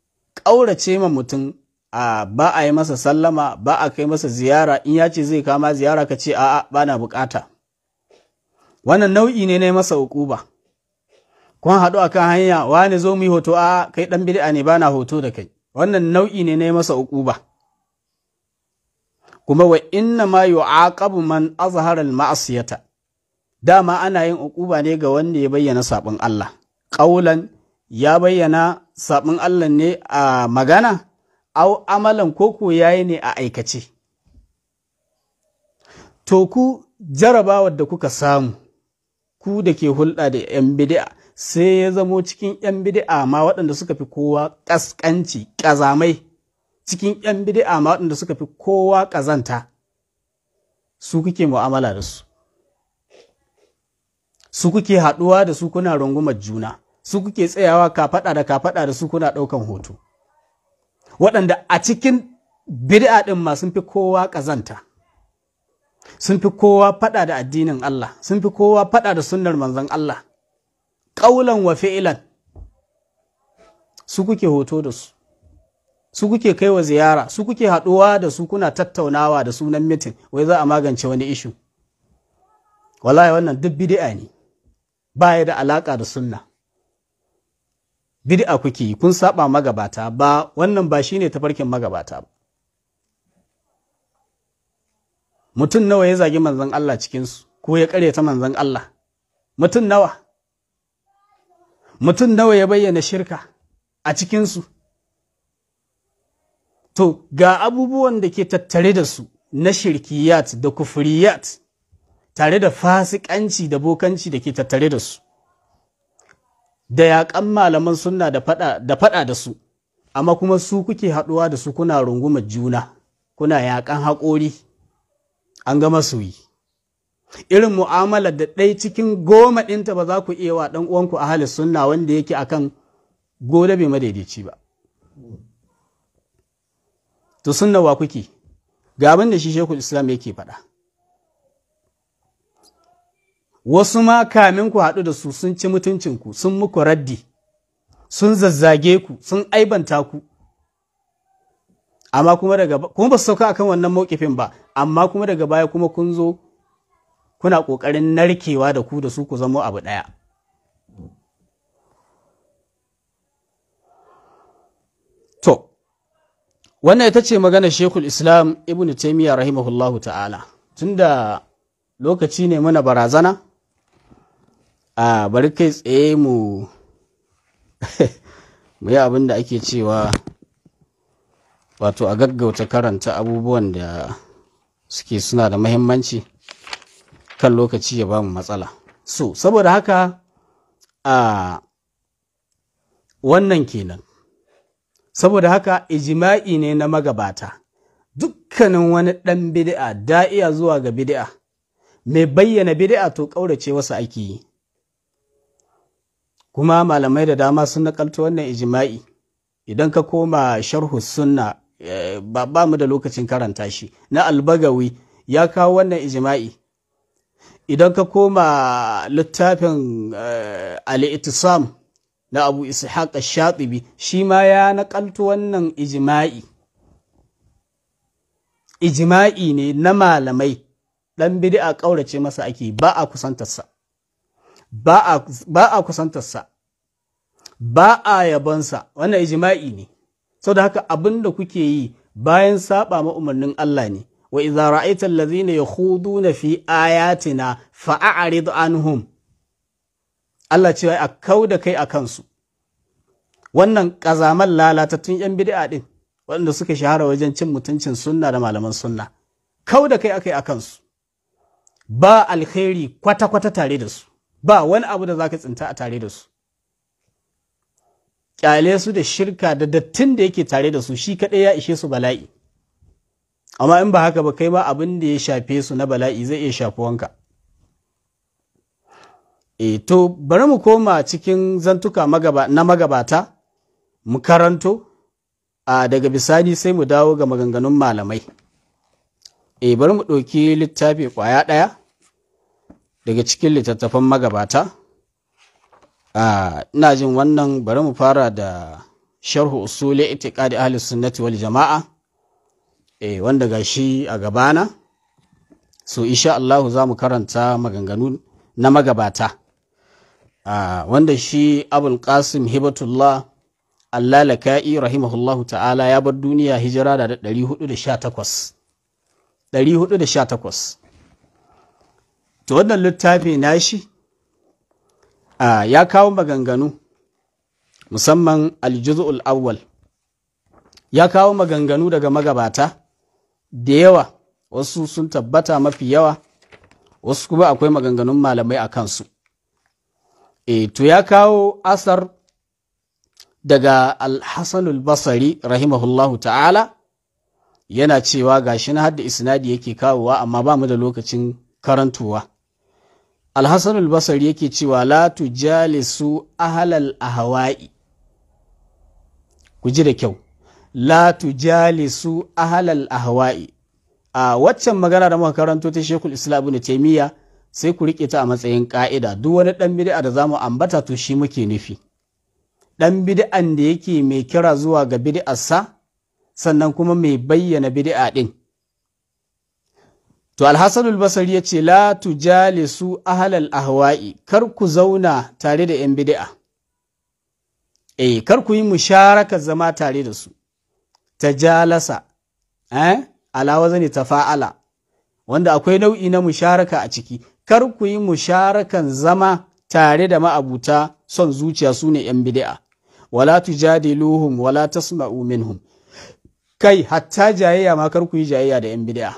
ƙaurace ma mutum a ba a yi masa sallama ba a kai masa ziyara in ya ce zai kama ziyara ka ce a'a ba na bukata wannan nau'i ne na masa ukuba kun haɗu akan hanya wani zo mu hoto a'a kai dan bid'a ne ba na hoto da kai wannan nau'i ne na masa ukuba kuma wa inna ma yu'aqabu man azhara al-ma'siyata dama ana yin ukuba ne ga wanda ya bayyana sabon Allah ƙaulan ya bayyana sabon Allah ne a magana au amalan koko yi ne a aikace to ku jarabawar da kuka samu ku da ke hulɗa da 'yan bidi'a sai ya zamo cikin 'yan bidi'a ma waɗanda suka fi kowa ƙasƙanci ƙazamai cikin 'yan bidi'a ma waɗanda suka fi kowa ƙazanta su kuke mu'amala da su su kuke haɗuwa da su kuna rungumar juna su kuke tsayawa kafaɗa da kafaɗa da su kuna ɗaukan hoto waɗanda a cikin bid'a ɗin ma sun fi kowa ƙazanta sun fi kowa faɗa da addinin Allah sun fi kowa faɗa da sunnar manzon Allah ƙaulan wa fi'ilan su kuke hoto da su su kuke kai wa ziyara su kuke haɗuwa da su kuna tattaunawa da sunan mitin wai za a magance wani ishu wallahi wannan duk bid'a ne baya da alaƙa da sunna bid'a kuke kuki kun saba magabata ba wannan ba shine tafarkin magabata ba mutum nawa ya zagi manzon Allah cikinsu ko ya ta manzon Allah mutum nawa mutum nawa ya bayyana shirka a cikinsu to ga abubuwan da ke tattare da su na shirkiyat da kufuriyat tare da fasikanci da bokanci da ke tattare da su da yaƙan malaman sunna da faɗa da su amma kuma su kuke haɗuwa da su kuna runguma juna kuna yaƙan haƙori an ga yi. irin mu'amala da ɗai cikin goma ɗinta ba za ku iya wa ɗan uwanku a halin sunna wanda yake akan gode bai madaidaici ba to sunna wa kuke ga abin da shi shekul islam yake faɗa wasu ma kamin ku haɗu da su sun ci mutuncinku sun muku raddi sun zazzage ku sun aibanta ku amma kuma daga kuma ba su sauka akan wannan mawkifin ba amma kuma daga baya kuma kun zo kuna ƙoƙarin narkewa da ku da su ku zamo abu ɗaya to wannan ita ce magana shekul islam ibn taimiyya rahimahullahu ta'ala tunda lokaci ne mana barazana a bari kai tsaye mu mu yi abin da ake cewa wato a gaggauta karanta abubuwan da suke suna da mahimmanci kan lokaci ya ba mu matsala so saboda haka a wannan kenan saboda haka ijima'i ne na magabata dukkanin wani ɗan bid'a da'iya zuwa ga bid'a mai bayyana bid'a to ƙaurace wasu ake yi kuma malamai da dama sun nakalto wannan ijima'i idan ka koma sharhu sunna eh, ba ba mu da lokacin karanta shi na albagawi ya kawo wannan ijima'i idan ka koma littafin eh, al-ittisam na abu ishaq ash-shatibi shi ma ya nakalto wannan ijima'i ijima'i ne na malamai dan a ƙaurace masa ake ba a kusantarsa ba a kusantarsa ba a yabonsa wannan ijima'i ne saboda haka abin da kuke yi bayan saba ma Allah ne wa iza ra'aita Yahudu na fi ayatina da anhum Allah cewa a kau da kai a kansu wannan ƙazaman lalatattun yan bidi'a ɗin waɗanda suka shahara wajen cin mutuncin sunna da malaman sunna kau da kai a kai a kansu ba alkhairi kwata-kwata tare da su ba wani abu da za ka tsinta a tare da su kyale su da shirka da dattin da yake tare da su shi kaɗai ya ishe su bala'i amma in ba haka ba kai ma abin da ya shafe su na bala'i zai iya shafi wanka e eh, to bari mu koma cikin zantuka na magabata mu karanto a daga bisani sai mu dawo ga maganganun malamai e bari mu ɗauki littafi ƙwaya ɗaya daga cikin littattafan magabata ah, ina jin wannan bari mu fara da sharhu usuli itiqadi ahli sunnati wal jama'a eh wanda gashi a gabana so insha Allah za mu karanta maganganu na magabata ah, wanda shi abul qasim hibatullah Allah laka'i rahimahullahu ta'ala ya bar duniya hijira da 418 418 to wannan littafi na uh, ya kawo maganganu musamman aljuz'ul awwal ya kawo maganganu daga magabata da yawa wasu sun tabbata mafi yawa wasu kuma akwai maganganun malamai a kansu e to ya kawo asar daga alhassanul basari rahimahullahu ta'ala yana cewa gashi na hadda isnadi yake kawowa amma ba mu da lokacin karantowa. alhassan albasar yake cewa la tujalisu ahalal ahawa'i ku ji da kyau la tujalisu ahalal ahawa'i a waccan magana da muka karanto ta shekul islam na taimiyya sai ku rike ta a matsayin ka'ida duk wani dan bid'a da zamu ambata to shi muke nufi dan bid'an da yake mai kira zuwa ga bid'arsa sannan kuma mai bayyana bid'a din to alhassanul basari ya ce la su ahlal ahwa'i kar ku zauna tare da yan bid'a eh kar ku yi musharaka zama tare da su tajalasa eh ala ta fa'ala. wanda akwai nau'i na musharaka a ciki kar ku yi musharakan zama tare da ma'abuta son zuciya su ne yan bid'a wala tujadiluhum wala tasma'u minhum kai hatta jayayya ma kar ku yi jayayya da yan bid'a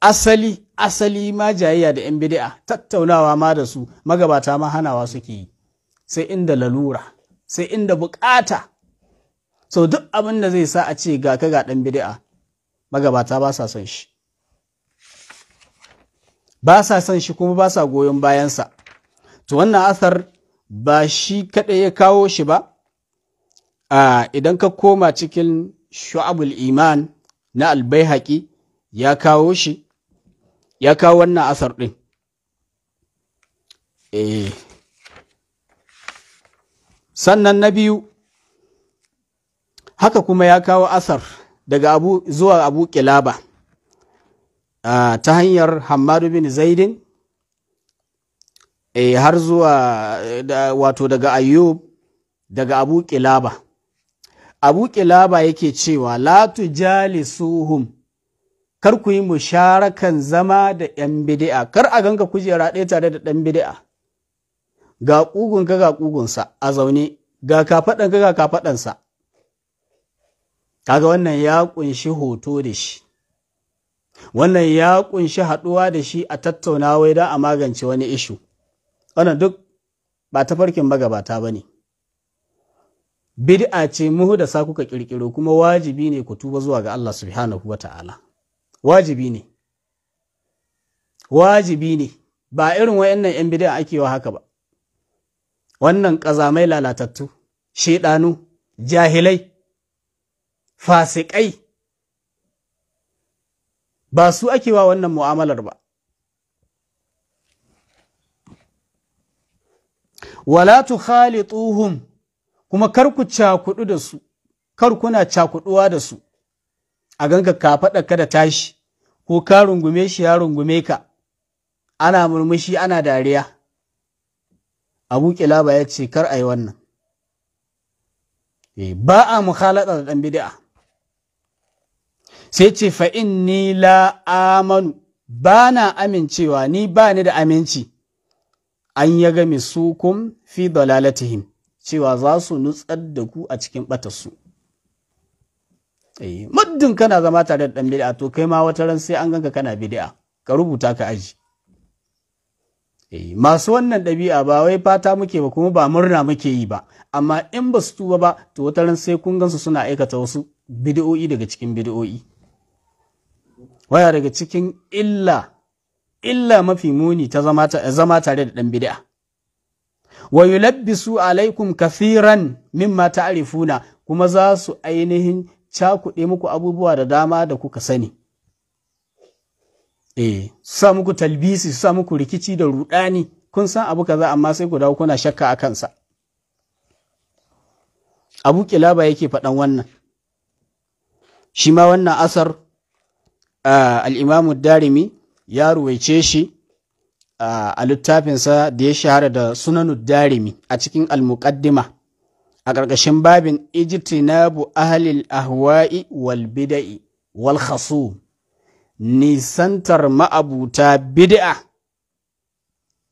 asali asali ma jayayya da 'yan bid'a tattaunawa ma da su magabata ma hanawa suke yi sai inda lalura sai inda bukata so duk abin da zai sa a ce ga ka ga dan bid'a magabata ba sa son shi ba sa son shi kuma ba sa goyon bayansa to wannan asar ba shi kaɗai ya kawo shi ba idan ka koma cikin shu'abul iman na albai ya kawo shi ya kawo wannan asar ɗin eh. sannan na biyu haka kuma ya kawo asar daga abu zuwa abu kilaba ta hanyar hamadu bin zaidin e, har zuwa eh, wato daga ayyub daga abu kilaba abu kilaba yake cewa "Latu la suhum kar ku yi musharakan zama da 'yan bidi'a kar a ganka kujera ɗaya tare da ɗan bidi'a ga ƙugunka ga ƙugunsa a zaune ga kafaɗanka ga kafaɗansa kaga wannan ya ƙunshi hoto da shi wannan ya ƙunshi haɗuwa da shi a tattauna wai don a magance wani ishu wannan duk ba ta farkin magabata ba ne Bidi'a ce muhu da sa kuka ƙirƙiro kuma wajibi ne ku tuba zuwa ga Allah subhanahu wa ta'ala wajibi ne wajibi ne ba irin wayannan 'yan bidiya ake wa haka ba wannan ƙazamai lalatattu shaidanu jahilai fasikai ba su ake wa wannan mu'amalar ba wala tukhalituhum kuma kar ku cakudu da su kar kuna cakuduwa da su a ganka ka faɗa ka da tashi ko ka rungume shi ya rungume ka ana murmushi ana dariya abu kilaba ya ce kar a yi wannan eh, ba a mukhalata da ɗan bid'a sai ce fa inni la amanu ba na amincewa ni ba ni da aminci an ya ga misukun fi dalalatihim cewa za su nutsar da ku a cikin ɓatarsu Eh, muddin kana zama tare da dan bid'a to kai ma wata ran sai an ganka kana bid'a ka rubuta ka aji eh, masu wannan ɗabi'a ba wai fata muke ba kuma ba murna muke yi ba amma in ba su tuba ba to wata ran sai kun gansu suna aikata wasu bid'o'i daga cikin bid'o'i waya daga cikin illa illa mafi muni ta zama tare da ɗan bid'a wa yulabbisu alaikum kathiran mimma ta'rifuna kuma za su ainihin cakuɗe muku abubuwa da dama da kuka sani eh su sa muku talbisi su sa muku rikici da rudani kun san abu kaza amma sai ku dawo kuna shakka a kansa abu kilaba yake faɗan wannan shi ma wannan asar al'imamu darimi ya ruwaice shi a littafinsa da ya shahara da sunanu darimi a cikin al a ƙarƙashin babin ijtinabu ahlil ahwa'i wal bida'i wal khasu nisantar ma'abuta bid'a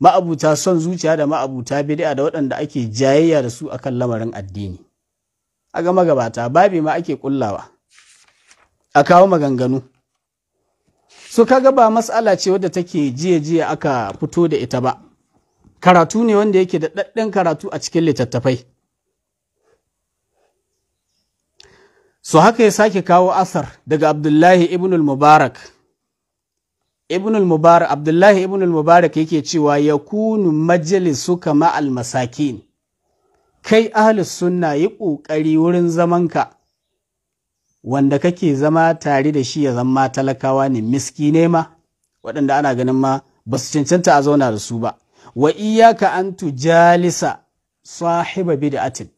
ma'abuta son zuciya da ma'abuta bid'a da waɗanda ake jayayya da su akan lamarin addini a ga magabata babi ma ake kullawa a kawo maganganu so kaga ba matsala ce wadda take jiya jiya aka fito da ita ba karatu ne wanda yake da ɗaɗɗen karatu a cikin littattafai so haka ya sake kawo asar daga abdullahi ibn mubarak ibn mubarak abdullahi ibn mubarak yake cewa ya kunu majalisu kama almasakin kai ahlus sunna yi ƙoƙari wurin zamanka wanda kake zama tare da shi ya zama talakawa ne miski ne ma waɗanda ana ganin ma ba su cancanta a zauna da su ba wa iyaka an jalisa sahiba bid'atin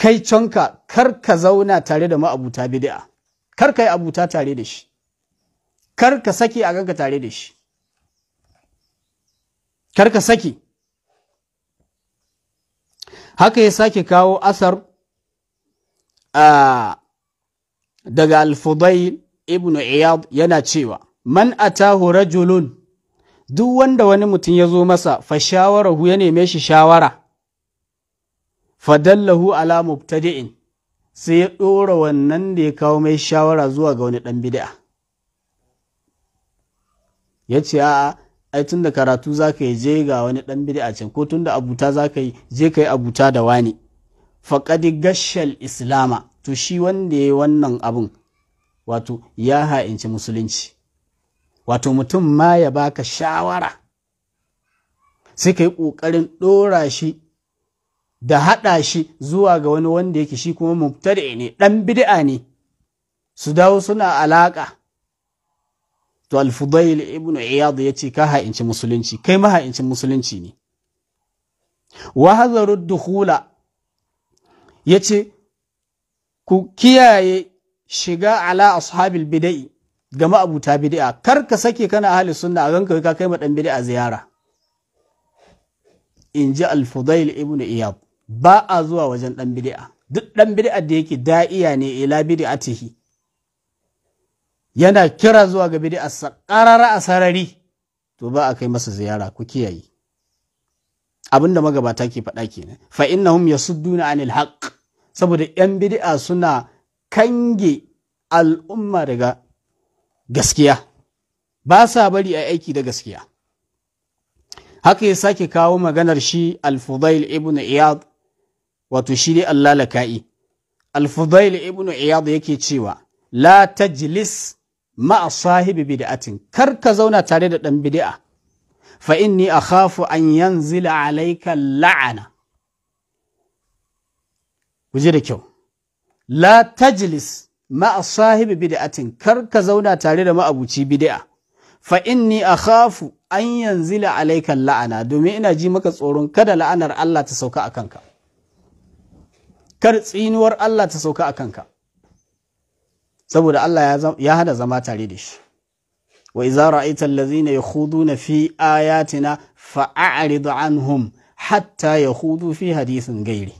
kai canka kar ka zauna tare da ma'abuta bid'a kar ka yi abuta tare da shi kar ka saki a ganka tare da shi kar ka saki haka ya sake kawo asar a daga alfudai ibn iyad yana cewa man atahu rajulun duk wanda wani mutum ya zo masa fa shawara hu ya neme shi shawara fadallahu ala mubtadi'in sai ya ɗora wannan da ya kawo mai shawara zuwa ga wani ɗan bid'a ya ce a'a ai tun da karatu za ka yi je ga wani ɗan bid'a can ko tun da abuta za ka yi je ka yi abuta da wani faƙadi gashal islama to shi wanda ya yi wannan abun wato ya ha'inci musulunci wato mutum ma ya baka shawara sai ka yi ƙoƙarin ɗora shi da haɗa shi zuwa ga wani wanda yake shi kuma muktar ne ɗan bid'a ne su dawo suna alaƙa to al-fudail ibn iyad yace ka ha'inci musulunci kai ma ha'inci musulunci ne wa hazaru dukhula yace ku kiyaye shiga ala ashabil bid'i ga ma'abuta bid'a kar ka sake kana ahli suna, a ganka ka kai ma dan bid'a ziyara inji al-fudail ibn iyad ba a zuwa wajen ɗan bid'a duk ɗan bid'a da yake da'iya ne ila atihi. yana kira zuwa ga bid'a ƙarara a sarari to ba a kai masa ziyara ku kiyaye abin magabata ke faɗa ke kenan fa innahum yasudduna anil haqq saboda yan bid'a suna kange al'umma daga gaskiya ba sa bari a aiki da gaskiya haka ya sake kawo maganar shi al-fudail ibn iyad wato shi dai Allah laka'i al-fudail ibn iyad yake cewa la tajlis ma'a sahibi bid'atin kar ka zauna tare da dan bid'a fa inni akhafu an yanzila alayka la'ana kuje da kyau la tajlis ma'a sahibi bid'atin kar ka zauna tare da ma'abuci bid'a fa inni akhafu an yanzila alayka la'ana domin ina ji maka tsoron kada la'anar Allah ta sauka a kanka kar tsinuwar Allah ta sauka a kanka saboda Allah ya hana zama tare da shi wa iza ra'aita allazina yakhuduna fi ayatina fa'arid anhum hatta yakhudu fi hadithin gairi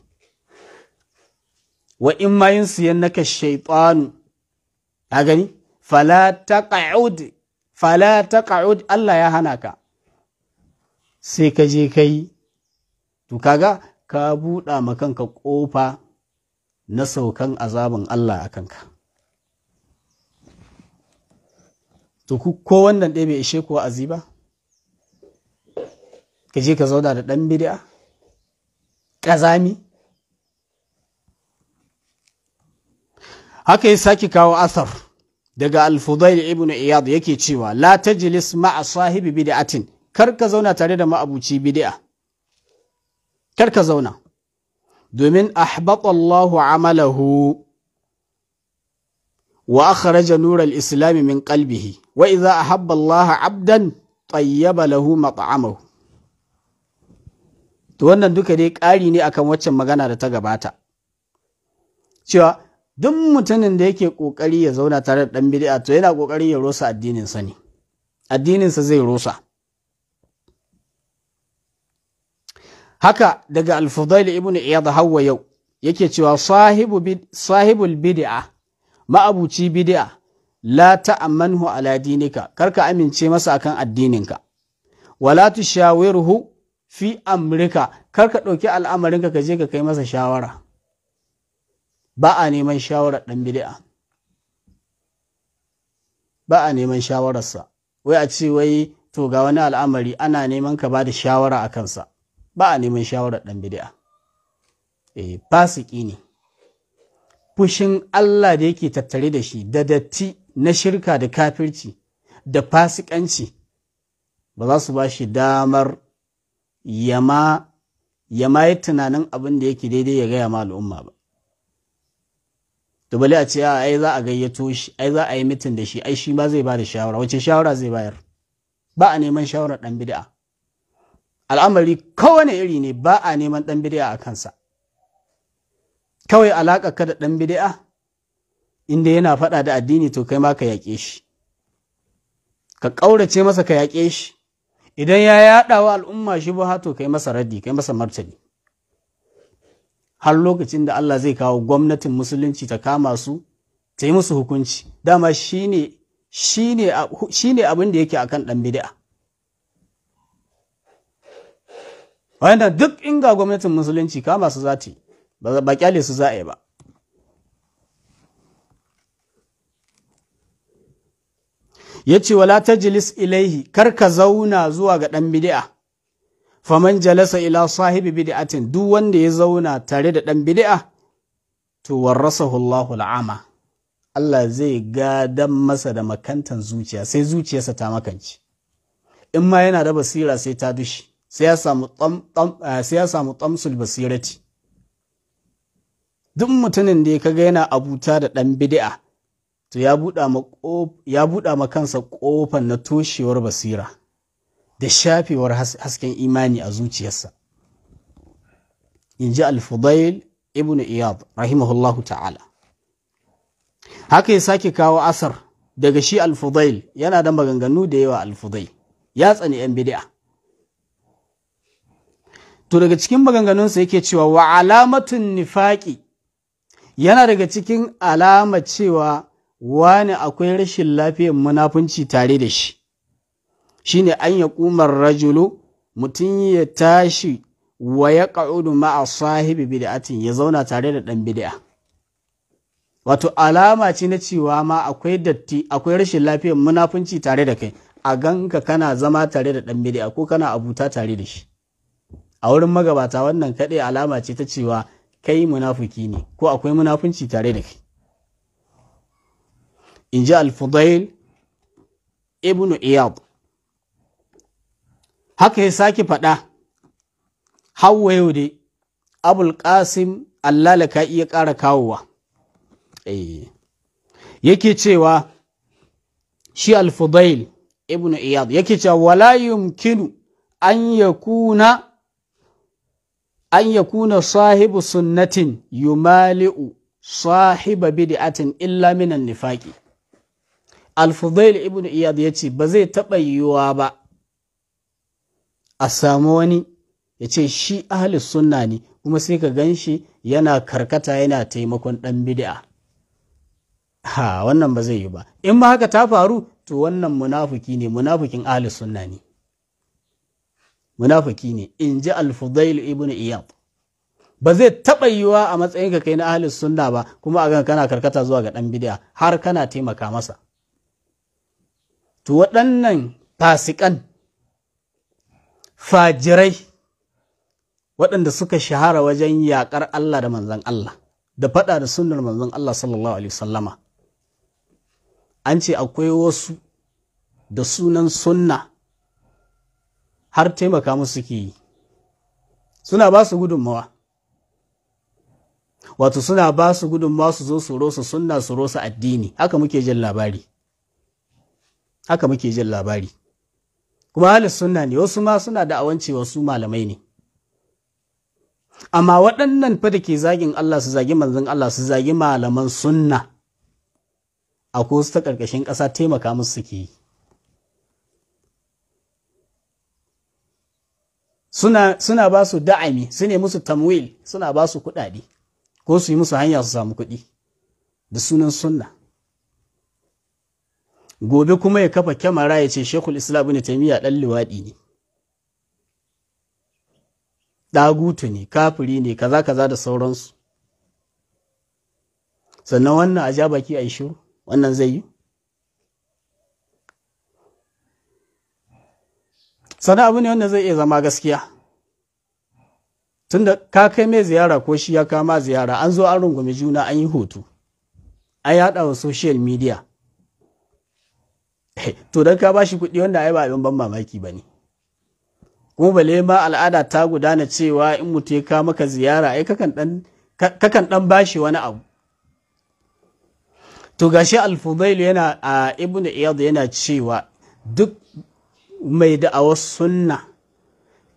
wa in ma siyan yunsiyannaka shaitanu, a gani fala taq'ud fala Allah ya hana ka sai ka je ka yi to kaga ka buɗa ma ƙofa na saukan azabin Allah a kanka to ko wannan ɗaya bai ishe kuwa azi ba ka je ka zauna da ɗan bid'a ƙazami haka ya sake kawo asar daga alfudail ibn iyad yake cewa la tajlis ma'a sahibi bid'atin kar ka zauna tare da ma'abuci bid'a kar ka zauna domin ahbatallahu amalahu wa akhraja nural islami min qalbihi wa a ahabba Allah 'abdan tayyaba lahu mat'amahu to wannan duka dai ƙari ne akan waccan magana da ta gabata cewa duk mutumin da yake ƙoƙari ya zauna tare da ɗan bid'a to yana ƙoƙari ya rosa addinin ne addinin zai rosa haka daga al-fudail ibn iyad hawa yau yake cewa sahibu sahibul bid'a ma'abuci bid'a la ta'ammanhu ala dinika karka amince masa akan addininka wala tushawirhu fi amrika karka ɗauki al'amarinka ka je ka kai masa shawara ba a neman shawarar ɗan bid'a ba a neman shawararsa wai a ce wai to ga wani al'amari ana neman ka ba da shawara a kansa ba a neman shawarar ɗan bid'a eh, fasiki ne fushin Allah da yake tattare da shi da datti na shirka da kafirci da fasikanci ba za su ba shi damar yama yama yi tunanin abin da yake daidai ya gaya ma al'umma ba bali a ce a ai za a gayyato shi ai za a yi mitin da shi ai shi ma zai ba da shawara wace shawara zai bayar ba a neman shawarar ɗan bid'a al'amari kowane iri ne ba a neman ɗan bidi'a a kansa kawai alaƙa ka da ɗan bidi'a inda yana faɗa da addini to kai ma ka yaƙe shi ka ƙaurace masa ka yaƙe shi idan ya yaɗa wa al'umma shi ba to kai masa raddi kai masa martani har lokacin da Allah zai kawo gwamnatin musulunci ta kama su ta yi musu hukunci dama shine shine abin da yake akan ɗan bid'a wanda duk inga gwamnatin musulunci kama su za ta yi ba kyale su za a yi ba ya ce wala ta jilis ilaihi kar ka zauna zuwa ga ɗan bid'a faman jalasa ila sahibi bid'atin duk wanda ya zauna tare da ɗan Bidi'a? to warrasa Hullahu al'ama Allah zai gadan masa da makantan zuciya sai zuciyarsa ta makanci in ma yana da basira sai ta dushi sai ya samu tsamsul basirati duk mutumin da ya kaga yana abuta da ɗan bid'a to ya buɗa ma kansa ƙofan na toshewar basira da shafewar hasken imani a zuciyarsa in ji alfudail ibn iyad rahimahullahu ta'ala haka ya sake kawo asar daga shi alfudail yana da maganganu da yawa alfudail ya tsani 'yan bid'a to daga cikin maganganunsa yake cewa wa alamatun nifaƙi yana daga cikin alama cewa wani akwai rashin lafiyar munafunci tare da shi shine an ya ƙumar rajulu mutum ya tashi wa ya ƙa'udu ma'a sahibi bid'atin ya zauna tare da ɗan bid'a wato alama ce na cewa ma akwai datti akwai rashin lafiyar munafunci tare da kai a ganka kana zama tare da ɗan bid'a ko kana abuta tare da shi a wurin magabata wannan kaɗai alama ce ta cewa kai munafuki ne ko akwai munafunci tare da kai in ji al-fudail ibn iyad haka ya sake faɗa hawa yau dai abul qasim allalaka iya ƙara kawowa eh. yake cewa shi al-fudail ibn iyad yake cewa wala yumkinu an yakuna an ya kuna sahibu sunnatin yumali'u sahiba bid'atin illa minan nifaqi al-fudail ibn iyad yace ba zai taɓa yiwuwa ba a samu wani ya ce shi ahli sunna ne kuma sai ka gan shi yana karkata yana taimakon ɗan bid'a ha wannan ba zai yi ba in ma haka ta faru to wannan munafuki ne munafukin ahli sunna ne munafiki ne in ji alfudail ibn iyad ba zai taɓa yiwa a matsayin ka kai na ahlus sunna ba kuma a kana karkata zuwa ga ɗan bid'a har kana taimaka masa to waɗannan fasikan fajirai waɗanda suka shahara wajen yaƙar Allah da manzon Allah da faɗa da sunnar manzon Allah sallallahu alaihi wasallama an ce akwai wasu da sunan sunna har taimaka musu suke yi suna ba su gudunmawa wato suna ba su gudunmawa su zo su rosa sunna su rosa addini haka muke jin labari haka muke jin labari kuma halin suna ne wasu ma suna da awanci wasu malamai ne amma waɗannan fa da ke zagin Allah su zagi manzon Allah su zagi malaman sunna a ko ta ƙarƙashin ƙasa taimaka musu suke yi suna suna ba su da'ami su ne musu tamwil suna ba su kuɗaɗe ko su yi musu hanya su samu kuɗi da sunan sunna gobe kuma ya kafa kyamara ya ce shekul ta yi taimiyya ɗan luwaɗi ne ɗagutu ne kafiri ne kaza kaza da sauransu sannan wannan a ja baki a yi shiru wannan zai yi sana abu ne wanda zai iya zama gaskiya tunda ka kai mai ziyara ko shi ya kama ziyara an zo an rungumi juna an yi hoto an yada wa social media eh, to don ka bashi kuɗi wanda ai ba abin ban mamaki ba ne kuma bale ma al'ada ta gudana cewa in mutu ya kama ka ziyara ai kakan dan bashi wani abu to gashi alfudailu yana a ibnu iyad yana cewa duk mai da'awar sunna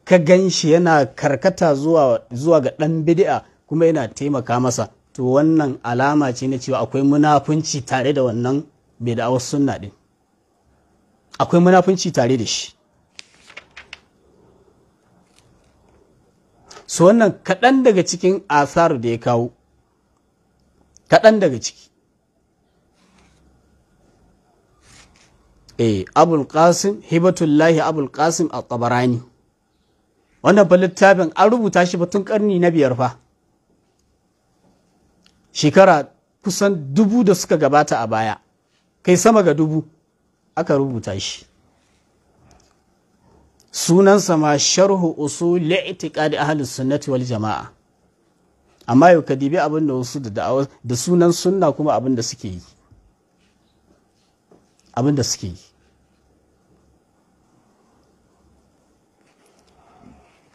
ka gan shi yana karkata zuwa ga ɗan bid'a kuma yana taimaka masa to wannan alama ce na cewa akwai munafunci tare da wannan mai da'awar sunna ɗin akwai munafunci tare da shi su wannan kaɗan daga cikin asar da ya kawo kaɗan daga ciki eh abul qasim hibatullahi abul tabarani wannan fa littafin an rubuta shi batun karni na biyar fa shekara kusan dubu da suka gabata a baya kai sama ga dubu aka rubuta shi sunansa ma sharhu usul i'tiqadi ahli sunnati wal jama'a amma yau ka dibi abin da wasu da da sunan sunna kuma abin da suke yi abin da suke yi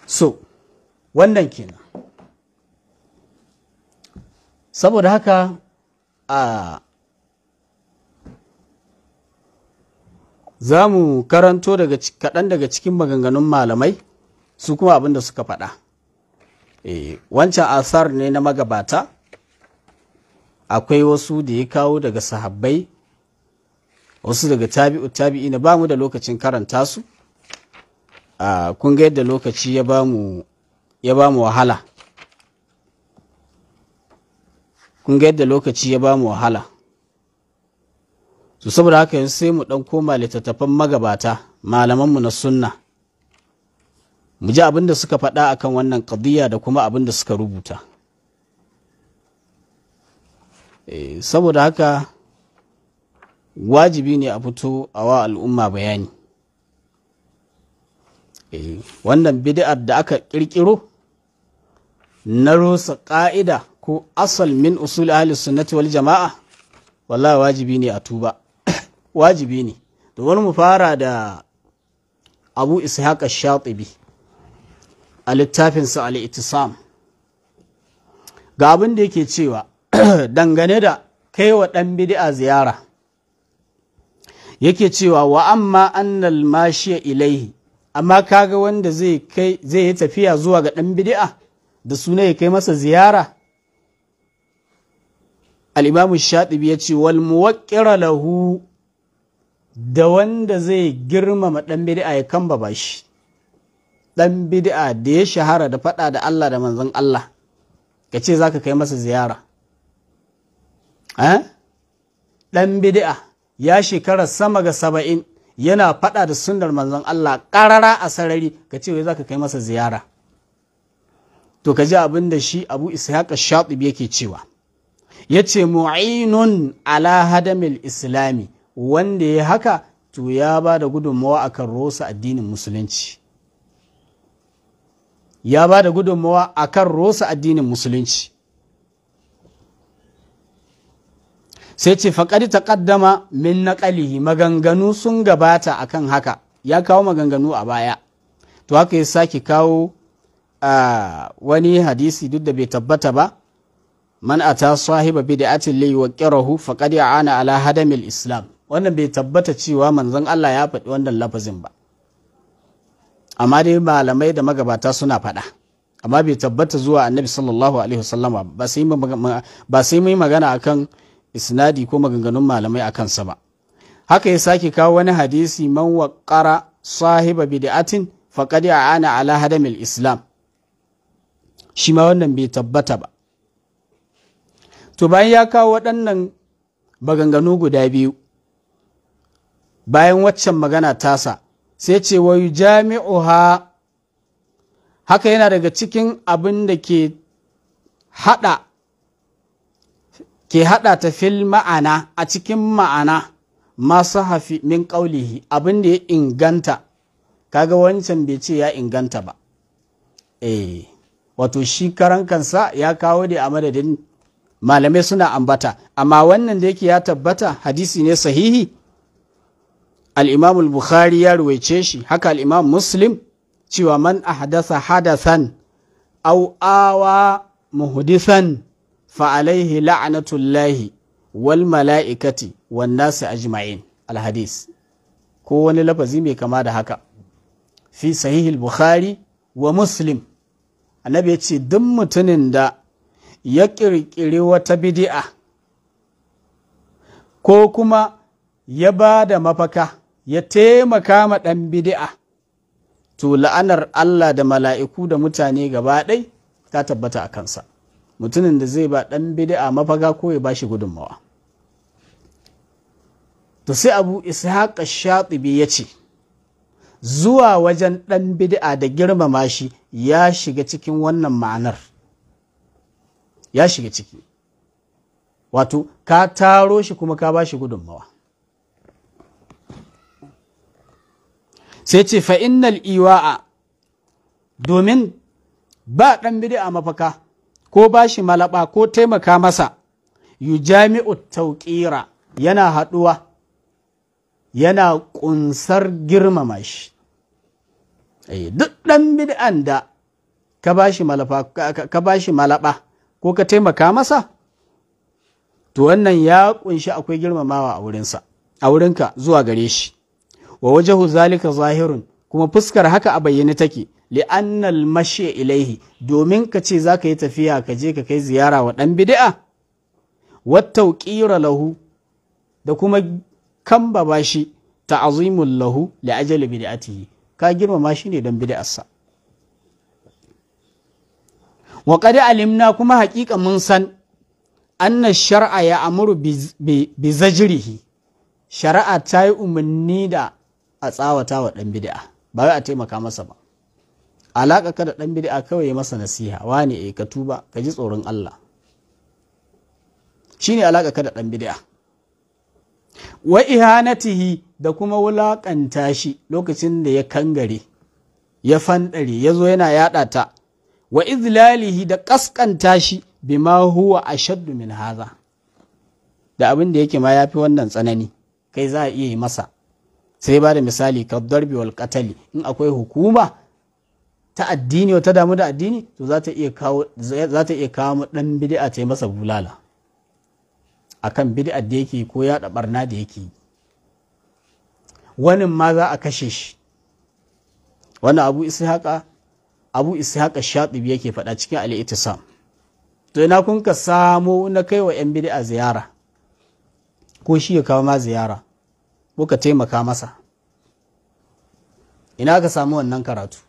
so wannan kenan saboda haka a za mu karanto kaɗan daga cikin maganganun malamai su kuma abinda suka faɗa eh, wancan asar ne na magabata akwai wasu da ya kawo daga sahabbai wasu daga tabi'u tabi'i na ba mu da lokacin karanta su kun ga yadda lokaci ya ba mu wahala kun ga yadda lokaci ya ba mu wahala su saboda haka yanzu sai mu ɗan koma littattafan magabata malamanmu na sunna mu ji abinda da suka faɗa akan wannan ƙadiyya da kuma abinda suka rubuta eh, saboda haka wajibi ne a fito a wa al'umma bayani Eh, wannan bid'ar da aka kirkiro na rusa ƙa'ida ko asal min usul ahli sunnati wal jama'a wallahi wajibi ne a tuba wajibi ne wani mu fara da abu ishaq ash-shatibi a littafinsa al-ittisam ga abin da yake cewa dangane da kai wa dan bid'a ziyara yake cewa wa amma annal mashiya ilaihi amma kaga wanda zai yi tafiya zuwa ga ɗan bid'a da suna ya kai masa ziyara al'imamu shaɗibi ya ce wal lahu da wanda zai girmama ɗan bidi'a ya kamba ba shi ɗan bidi'a da ya shahara da faɗa da Allah da manzon Allah ka ce za ka kai masa ziyara eh? ɗan bid'a ya shekara sama ga saba'in yana faɗa da sunnar manzon Allah ƙarara a sarari ka ce wai zaka kai masa ziyara to ka ji abin da shi Abu Ishaq Shatibi yake cewa yace mu'inun ala hadamil islami wanda ya haka to ya ba da gudunmawa akan rosa addinin musulunci ya ba da gudunmawa akan rosa addinin musulunci sai ce faƙar ƙaddama min na ƙalihi maganganu sun gabata akan haka ya kawo maganganu a baya to haka ya sake kawo wani hadisi duk da bai tabbata ba man a ata sahiba wa ƙirahu faƙar ya ana ala hadamil islam wannan bai tabbata cewa manzon Allah ya faɗi wannan lafazin ba amma dai malamai da magabata suna faɗa amma bai tabbata zuwa annabi sallallahu alaihi wasallama ba sai mu magana akan isnadi ko maganganun malamai a kansa ba haka ya sake kawo wani hadisi man waƙara sahiba bid'atin faqad ana ala hadamil islam shi ma wannan bai tabbata ba to bayan ya kawo waɗannan maganganu guda biyu bayan waccan magana tasa sai ce wa jami'uha haka yana daga cikin abin da ke haɗa ke haɗa ta fil ma'ana a cikin ma'ana masu hafi min ƙaulihi abin da ya inganta kaga wancan bai ce ya inganta ba eh wato shi karan kansa ya kawo da a madadin malamai suna ambata amma wannan da yake ya tabbata hadisi ne sahihi al'imam al-bukhari ya ruwaice shi haka al'imam muslim cewa man ahdasa hadasan au awa muhdisan fa’alaihi la’anatullahi wal mala’ikati a su ajma’in alhadis ko wani lafazi mai kama da haka fi sahihil bukhari wa muslim anabi ya ce duk mutumin da ya ƙirƙiri wata bidi’a ko kuma ya ba da mafaka ya taimaka ma ɗan bidi’a to la’anar Allah da mala’iku da mutane gaba ɗai ta tabbata a kansa mutumin da zai ba ɗan bidi'a mafaga ko ya bashi gudunmawa to sai abu ishaq shatibi ya ce zuwa wajen ɗan bid'a da girmama shi ya shiga cikin wannan ma'anar ya shiga ciki wato ka taro shi kuma ka bashi gudunmawa sai ce fa'innal iwa'a domin ba ɗan bidi'a mafaka ko ba shi malaba ko taimaka masa yu jami'u tauƙira yana haɗuwa yana ƙunsar girmama shi eh, duk ɗan bid'an da ka ba shi malaba ko ka taimaka masa to wannan ya ƙunshi akwai girmamawa a wurinsa a wurinka zuwa gare shi wa wajahu zalika zahirun kuma fuskar haka a bayyane take li'annal mashi ilaihi domin ka ce za ka yi tafiya ka je ka kai ziyara wa ɗan bid'a ƙira lahu da kuma kamba ba shi ta'azimun lahu da ajali yi. ka girmama shi ne don bidi'arsa wa qad alimna kuma haƙiƙa mun san anna shar'a ya amuru bi zajrihi shari'a ta yi umarni da a tsawata wa ɗan bid'a ba wai a taimaka masa ba alaka ka da dan bid'a kawai masa nasiha wani eh ka tuba ka ji tsoron Allah Shi ne alaka ka da dan bid'a wa ihanatihi da kuma wulaƙanta shi lokacin da ya kangare ya fandare ya zo yana yada ta wa izlalihi da ƙasƙanta shi bima huwa ashaddu min haza da abin da yake ma yafi wannan tsanani kai za a iya yi masa sai ba da misali ka darbi wal in akwai hukuma ta addini wata damu da addini to za ta iya kawo za ɗan dan bid'a ta yi masa bulala A kan bid'a da yake ko ya da barna da yake wani ma za a kashe shi wani abu ishaqa abu ishaqa shatibi yake faɗa cikin al Itisa. to ina kun ka samo na kai wa yan bid'a ziyara ko shi ya kawo ma ziyara ko ka taimaka masa ina ka samu wannan karatu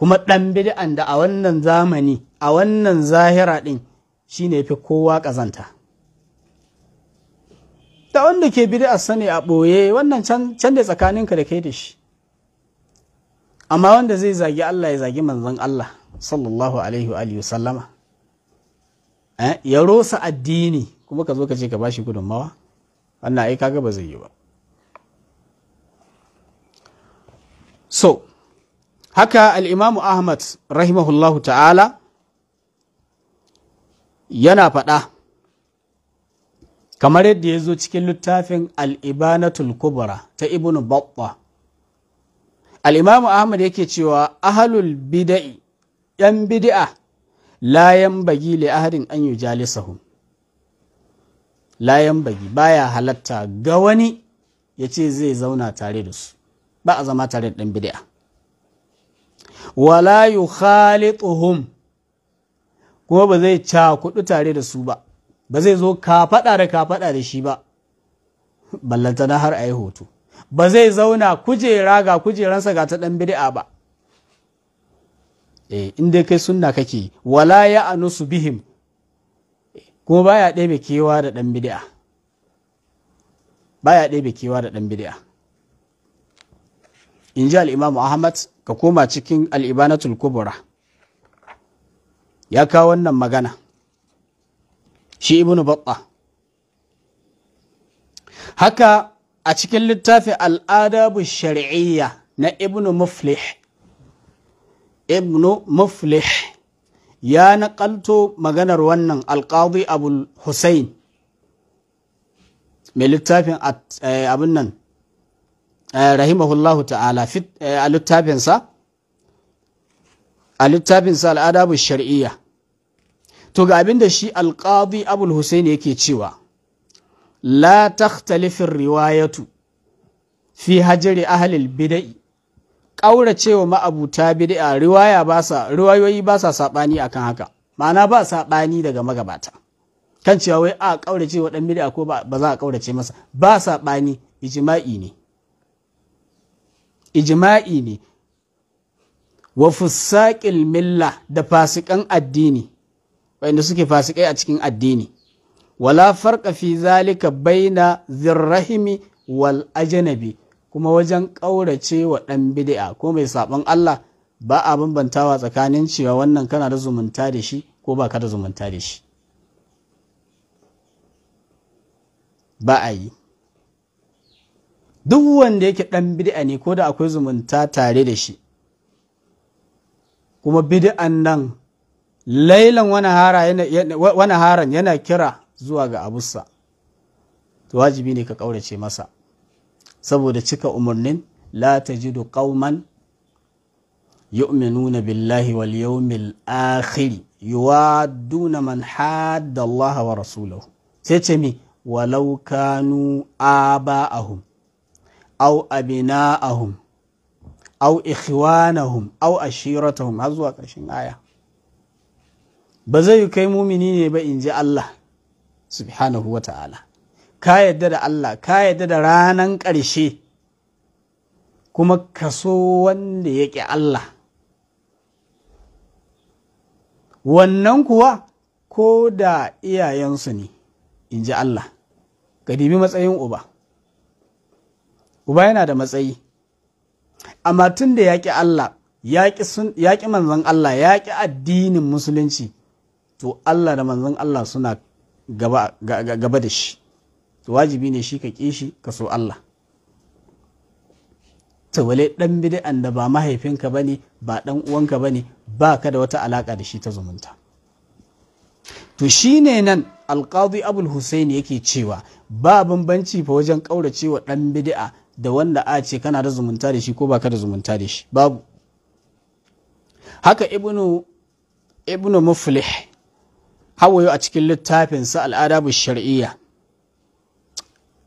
kuma ɗan bid'an da a wannan zamani a wannan zahira ɗin shi ne fi kowa ƙazanta da wanda ke bid'a sani a ɓoye wannan can da tsakaninka da kai da shi amma wanda zai zagi Allah ya zagi manzon Allah sallallahu alaihi wa sallama eh, ya rosa addini kuma ka zo ka ce ka bashi gudunmawa wannan ai kaga ba zai yi ba so haka al'imamu ahmad rahimahullahu ta'ala yana faɗa kamar yadda ya zo cikin littafin al'ibanatul kubra ta ibn babba al'imamu ahmad yake cewa ahalul bida'i ‘yan bida'a layan bagi le ahadin an yi jalisahun layan bagi baya halatta ga wani ya ce zai zauna tare da su ba a zama tare da ɗan bida'a wala khalituhum kuma ba zai cakudu tare da su ba ba zai zo kafaɗa da kafaɗa da shi ba na har a yi hoto ba zai zauna kujera ga kujeransa ga ta ɗan bid'a ba eh in dai kai sunna kake wala ya anusu bihim kuma baya ɗebe kewa da ɗan bid'a baya ɗebe kewa da ɗan bid'a in ji al-imamu ahmad ka koma cikin al'ibanatul kubura ya kawo wannan magana shi ibnu batta haka a cikin littafi al'adabu shari'iyya na ibnu muflih ibnu muflih ya naƙalto maganar wannan alƙadi abul hussein mai littafin eh, abin nan Eh, rahimahullahu ta'ala eh, a littafinsa a littafinsa al'adabu shar'iyya to ga abin da shi alƙadi abul husain yake cewa la takhtalifin riwayatu fi hajari ahlil bida'i ƙauracewa ma'abuta bid'a riwaya ba sa riwayoyi ba sa sabani akan haka ma'ana ba sabani daga magabata kan cewa wai a ƙaurace cewa dan bid'a ko ba za a ƙaurace masa ba sabani ijma'i ne ijma'i ne wa fusaƙil milla da fasikan addini wanda suke fasikai a cikin addini wala farka fi zalika baina zirrahimi wal ajanabi kuma wajen ƙaurace wa ɗan bid'a ko mai saɓon Allah ba a bambantawa tsakanin cewa wannan kana da zumunta da shi ko ba ka da zumunta da shi ba a yi duk wanda yake ɗan bid'a ne ko da akwai zumunta tare da shi kuma bid'an nan lailan wani haran yana kira zuwa ga abusa. to wajibi ne ka ƙaurace masa saboda cika umarnin latajidu ƙauman qauman yu'minuna billahi wal yawmil akhir yuwadduna man hadda Allah wa rasulahu sai ce mi walau kanu au abina'ahum au ikhwanahum au ashiratahum har zuwa ƙarshen aya ba zai kai mumini ne ba in ji Allah subhanahu wa ta'ala ka yadda da Allah ka yadda da ranan ƙarshe kuma kaso wanda ya ƙi Allah wannan kuwa ko da iyayensu ne in ji Allah ka dibi matsayin uba uba yana da matsayi amma tun da yaƙi Allah yaƙi manzon Allah yaƙi addinin musulunci to Allah da manzon Allah suna gaba, da shi to wajibi ne shi ka kishi ka so Allah to wale ɗan bid'an da ba mahaifinka ba ne ba ɗan uwanka ba ne ba ka da wata alaƙa da shi ta zumunta to shi ne nan alƙadi abul husaini yake cewa ba bambanci fa wajen ƙauracewa wa ɗan bid'a da wanda a ce kana da zumunta da shi ko baka da zumunta da shi babu haka ibnu ibnu muflih hawayo a cikin littafinsa al'adabu shar'iyya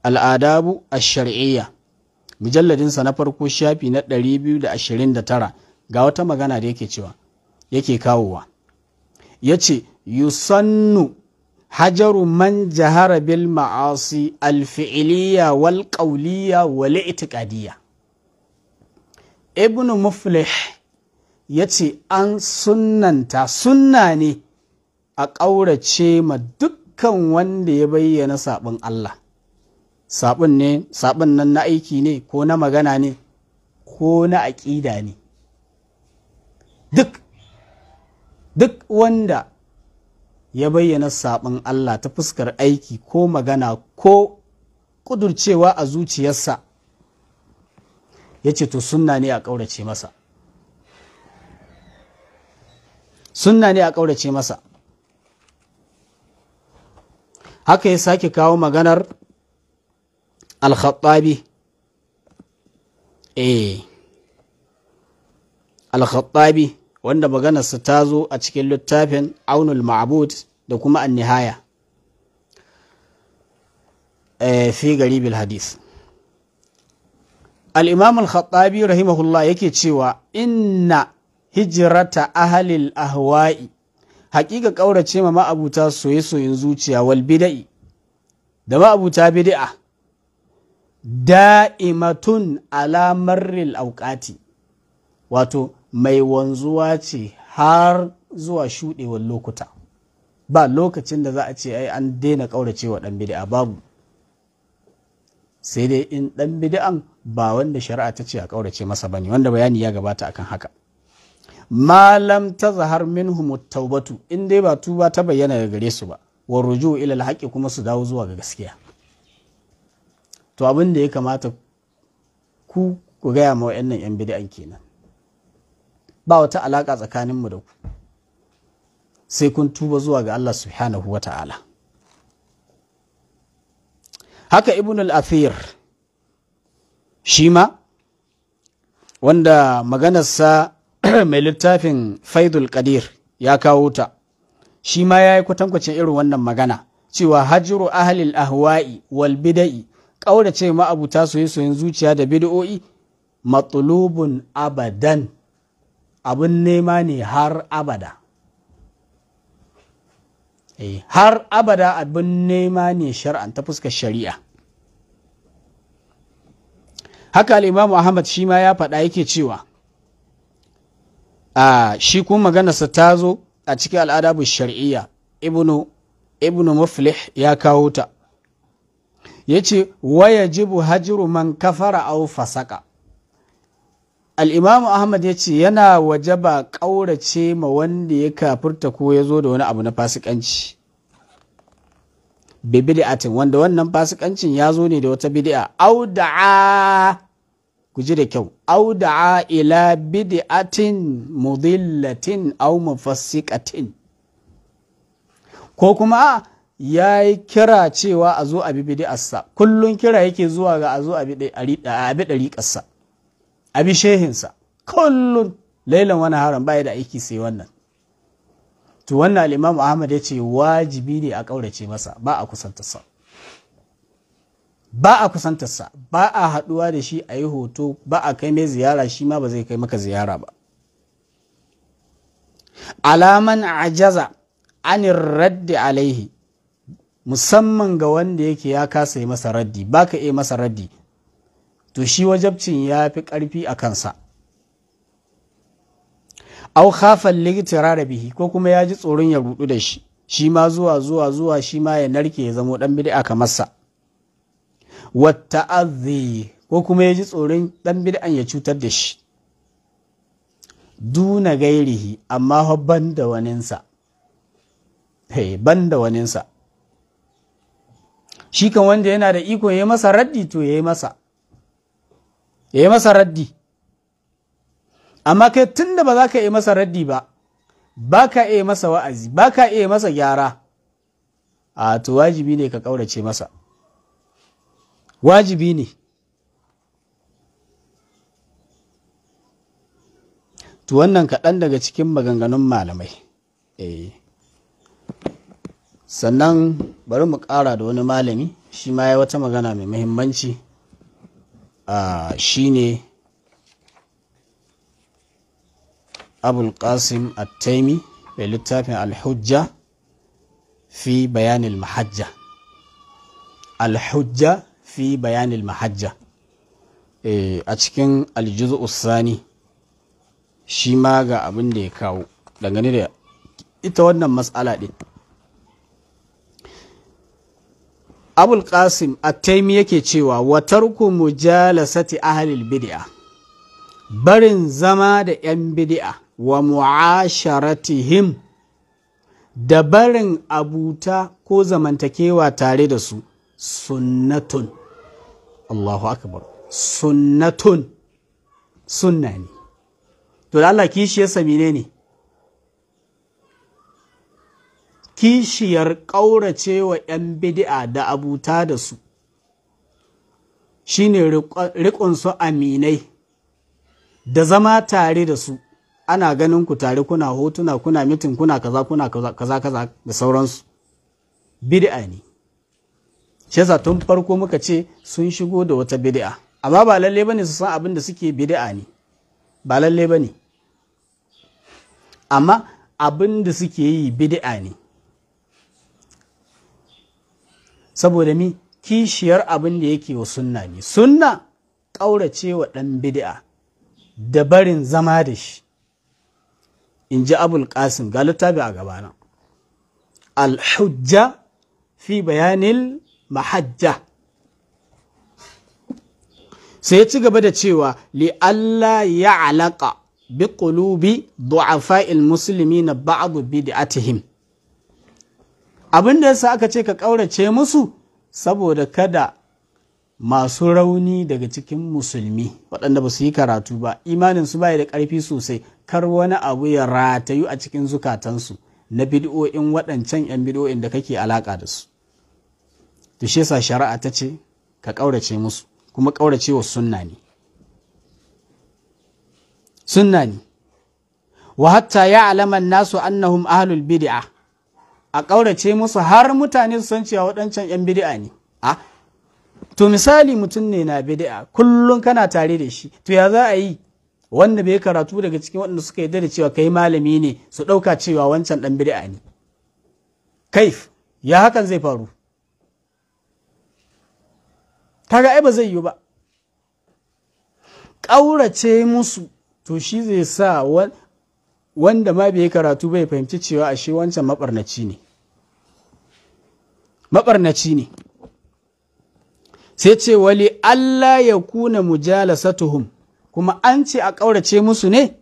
al'adabu ash-shar'iyya mujalladinsa na farko shafi na 229 ga wata magana da yake cewa yake kawowa yace yusannu hajaru man jahara bil ma'asi alfi'iliya wal qawliya wal ibn muflih ya ce an sunnanta sunna ne a ƙaurace ma dukkan wanda ya bayyana sabon Allah sabon ne nan na aiki ne ko na magana ne ko na aƙida ne duk wanda ya bayyana saɓin Allah ta fuskar aiki ko magana ko ƙudurcewa a zuciyarsa ya ce to sunna ne a ƙaurace masa sunna ne a ƙaurace masa haka ya sake kawo maganar alkhattabi eh alkhattabi wanda maganarsa ta zo a cikin littafin aunul ma'abud da kuma nihaya eh, fi garibil hadis al'imam al-khattabi rahimahullah yake cewa inna hijirata ahalil ahwa'i haƙiƙa ƙaurace ma ma'abuta soye-soyen zuciya wal bida'i da ma'abuta bida'a da'imatun alamarril auƙati wato mai wanzuwa ce har zuwa shuɗewar lokuta ba lokacin da za a ce ai an daina ƙaurace wa ɗan bidi'a babu sai dai in ɗan bidi'an ba wanda shari'a ta ce a ƙaurace masa bane wanda bayani ya gabata akan haka malam ta zahar minhum taubatu in dai ba tuba ta bayyana ga gare su ba wa ruju ila alhaqi kuma su dawo zuwa ga gaskiya to abin da ya kamata ku ku gaya ma wa'annan yan bidi'an kenan ba wata alaƙa tsakaninmu da ku sai kun tuba zuwa ga Allah subhanahu wa ta'ala haka ibn al athir shi ma wanda maganarsa mai littafin faidul qadir ya kawo ta shi ma ya yi kwatankwacin irin wannan magana cewa hajjuru ahalil ahwa'i wal bida'i ƙaurace ma'abuta soye-soyen zuciya da bid'o'i matulubun abadan abin nema ne har abada eh, har abada abin nema ne shar'an ta fuskar shari'a haka al'imamu ahmad shi ma ya faɗa yake cewa a shi kuma maganarsa ta zo a cikin al'adabu shari'iyya ibnu ibnu muflih ya kawo ta ya ce waya jibu hajiru man kafara au fasaka al'imamu ahmad ya ce yana waje ba ƙaurace ma wanda ya kafurta ko ya zo da wani abu na fasikanci bibid'atin wanda wannan fasikancin ya zo ne da wata bid'a auda'a ku ji da kyau auda'a ila bid'atin mudillatin au mufassiqatin ko kuma ya yi kira cewa a zo a bi bid'arsa kullun kira yake zuwa ga a zo a bi ɗariƙarsa A bishehinsa, kullum. lailan wani haram baya da aiki sai wannan to wannan al'imamu ahmad ya ce wajibi ne a ƙaurace masa ba a kusantarsa ba a kusantarsa ba a haɗuwa da shi a yi hoto ba a kai mai ziyara shi ma ba zai kai maka ziyara ba alaman ajaza anin raddi alaihi musamman ga wanda yake ya kasa yi masa raddi ba ka iya masa raddi to shi wajabcin ya fi ƙarfi a kansa au khafan da bihi ko kuma ya ji tsoron ya rudu da shi shi ma zuwa zuwa zuwa shi ma ya narke ya zamo dan bid'a kamar sa wata'azzi ko kuma ya ji tsoron dan bid'a ya cutar da shi duna gairihi amma fa ban da waninsa hey banda waninsa shi kan wanda yana da iko ya masa raddi to ya yi masa ya yi masa raddi amma kai tun da ba za ka yi masa raddi ba ba ka iya masa wa'azi ba ka iya masa gyara a to wajibi ne ka ƙaurace masa wajibi ne to wannan kaɗan daga cikin maganganun malamai eh. sannan bari mu ƙara da wani malami shi ma ya wata magana mai muhimmanci shine abul qasim attaimi mai littafin al-hujja fi bayanin mahajja al-hujja fi bayanin mahajja eh, a cikin aljuzu usani shi ma ga abin da ya kawo dangane da ita wannan matsala ɗin abul qasim taimi yake cewa wa tarku mujalasati ahlil bid'a barin zama da 'yan bid'a wa mu'asharatihim da barin abuta ko zamantakewa tare da su sunnatun Allahu akbar sunnatun sunna ne to da Allah kishi ya ne ne kishiyar ƙauracewa 'yan bid'a da abuta da su shine riƙonsu aminai da zama tare da su ana ganin ku tare kuna hotuna kuna mitin kuna kaza kuna kaza kaza da sauransu Bidi'a ne shi tun farko muka ce sun shigo da wata bid'a amma ba lalle ba ne su san abin da suke bid'a ne ba lalle ba ne. amma abin da suke yi bid'a ne saboda mi kishiyar abin da yake wa sunna ne sunna ƙaurace wa ɗan bid'a da barin zama da shi in ji abul qasim ga littafi a gabana al-hujja fi bayanin mahajja sai ya ci gaba da cewa li Allah ya alaƙa bi ƙulubi du'afa'il musulmi na ba'adu bid'atihim abin da yasa aka ce ka ƙaurace musu saboda kada masu rauni daga cikin musulmi waɗanda ba su yi karatu ba imanin su bai da ƙarfi sosai kar wani abu ya ratayu a cikin zukatansu na bid'o'in waɗancan 'yan bid'o'in da kake alaƙa da su to shi yasa shari'a ta ce ka ƙaurace musu kuma ƙaurace wa sunna ne sunna ne wa hatta ya alaman nasu annahum ahlul bid'a a ƙaurace musu har mutane su san cewa waɗancan 'yan bidi'a ne a to misali mutum ne na bidi'a kullum kana tare da shi to ya za a yi wanda bai karatu daga cikin waɗanda suka yarda da cewa kai malami ne su ɗauka cewa wancan ɗan bidi'a ne kaif ya hakan zai faru kaga ai ba zai yiwu ba ƙaurace musu to shi zai sa wanda ma bai karatu bai fahimci cewa ashe wancan maɓarnaci ne maɓarnaci ne sai ce wali Allah ya kuna mujalasatuhum kuma an ce a ƙaurace musu ne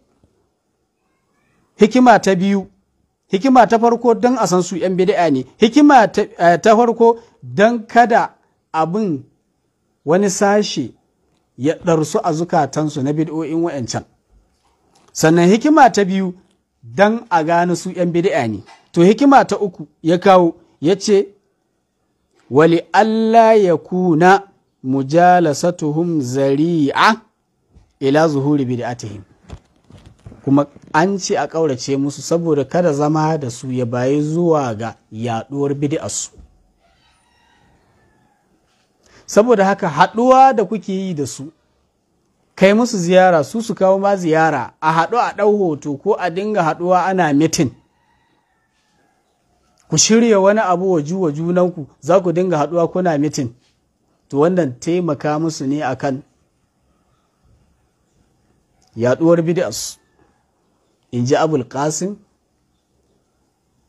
hikima ta biyu hikima ta farko don a san su 'yan bid'a ne hikima eh, ta farko don kada abin wani sashe ya ɗarsu a zukatansu na bid'o'in wa’yancan sannan hikima ta biyu don a gane su 'yan bid'a ne to hikima ta uku ya kawo ya ce wali Allah ya kuna mujalasatuhum zari'a ila zuhuri bid'atihim kuma an ce a ƙaurace musu saboda kada zama da su ya bayi zuwa ga yaɗuwar su. saboda haka haɗuwa da kuke yi da su kai musu ziyara su su kawo ma ziyara a haɗu a ɗau hoto ko a dinga haɗuwa ana mitin ku shirya wani abu wa juwa junanku za ku dinga haɗuwa kuna mitin to wannan taimaka musu ne a kan. yaɗuwar bid'as in ji abul qasim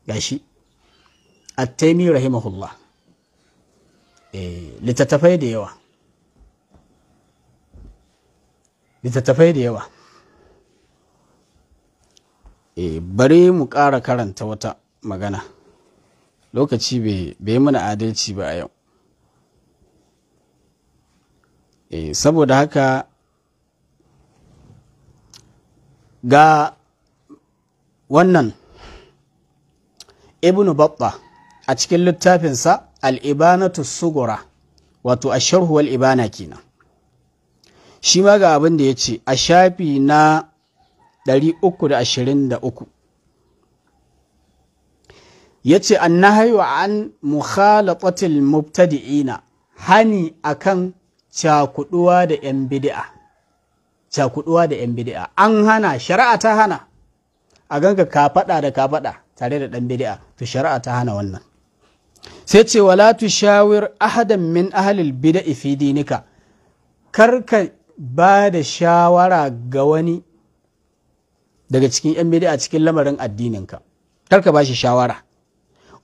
gashi taimi rahimahullah eh, littattafai da yawa littattafai da yawa eh, bari mu ƙara karanta wata magana lokaci bai mana adalci ba a yau eh, saboda haka ga wannan ibn babba a cikin littafinsa al'ibanatu sugura wato a sharhuwar ibana kenan shi ma ga abin da ya ce a shafi na 323 ya ce annahayu an mukhalatatil mubtadi'ina hani akan cakuduwa da 'yan bid'a cakuduwa da 'yan bid'a an hana shari'a ta hana a ganka ka fada da ka fada tare da ɗan bid'a to shari'a ta hana wannan sai ce wala tushawir ahadan min ahlil bid'i fi dinika karka ba da shawara ga wani daga cikin 'yan bid'a cikin lamarin addininka karka ba shi shawara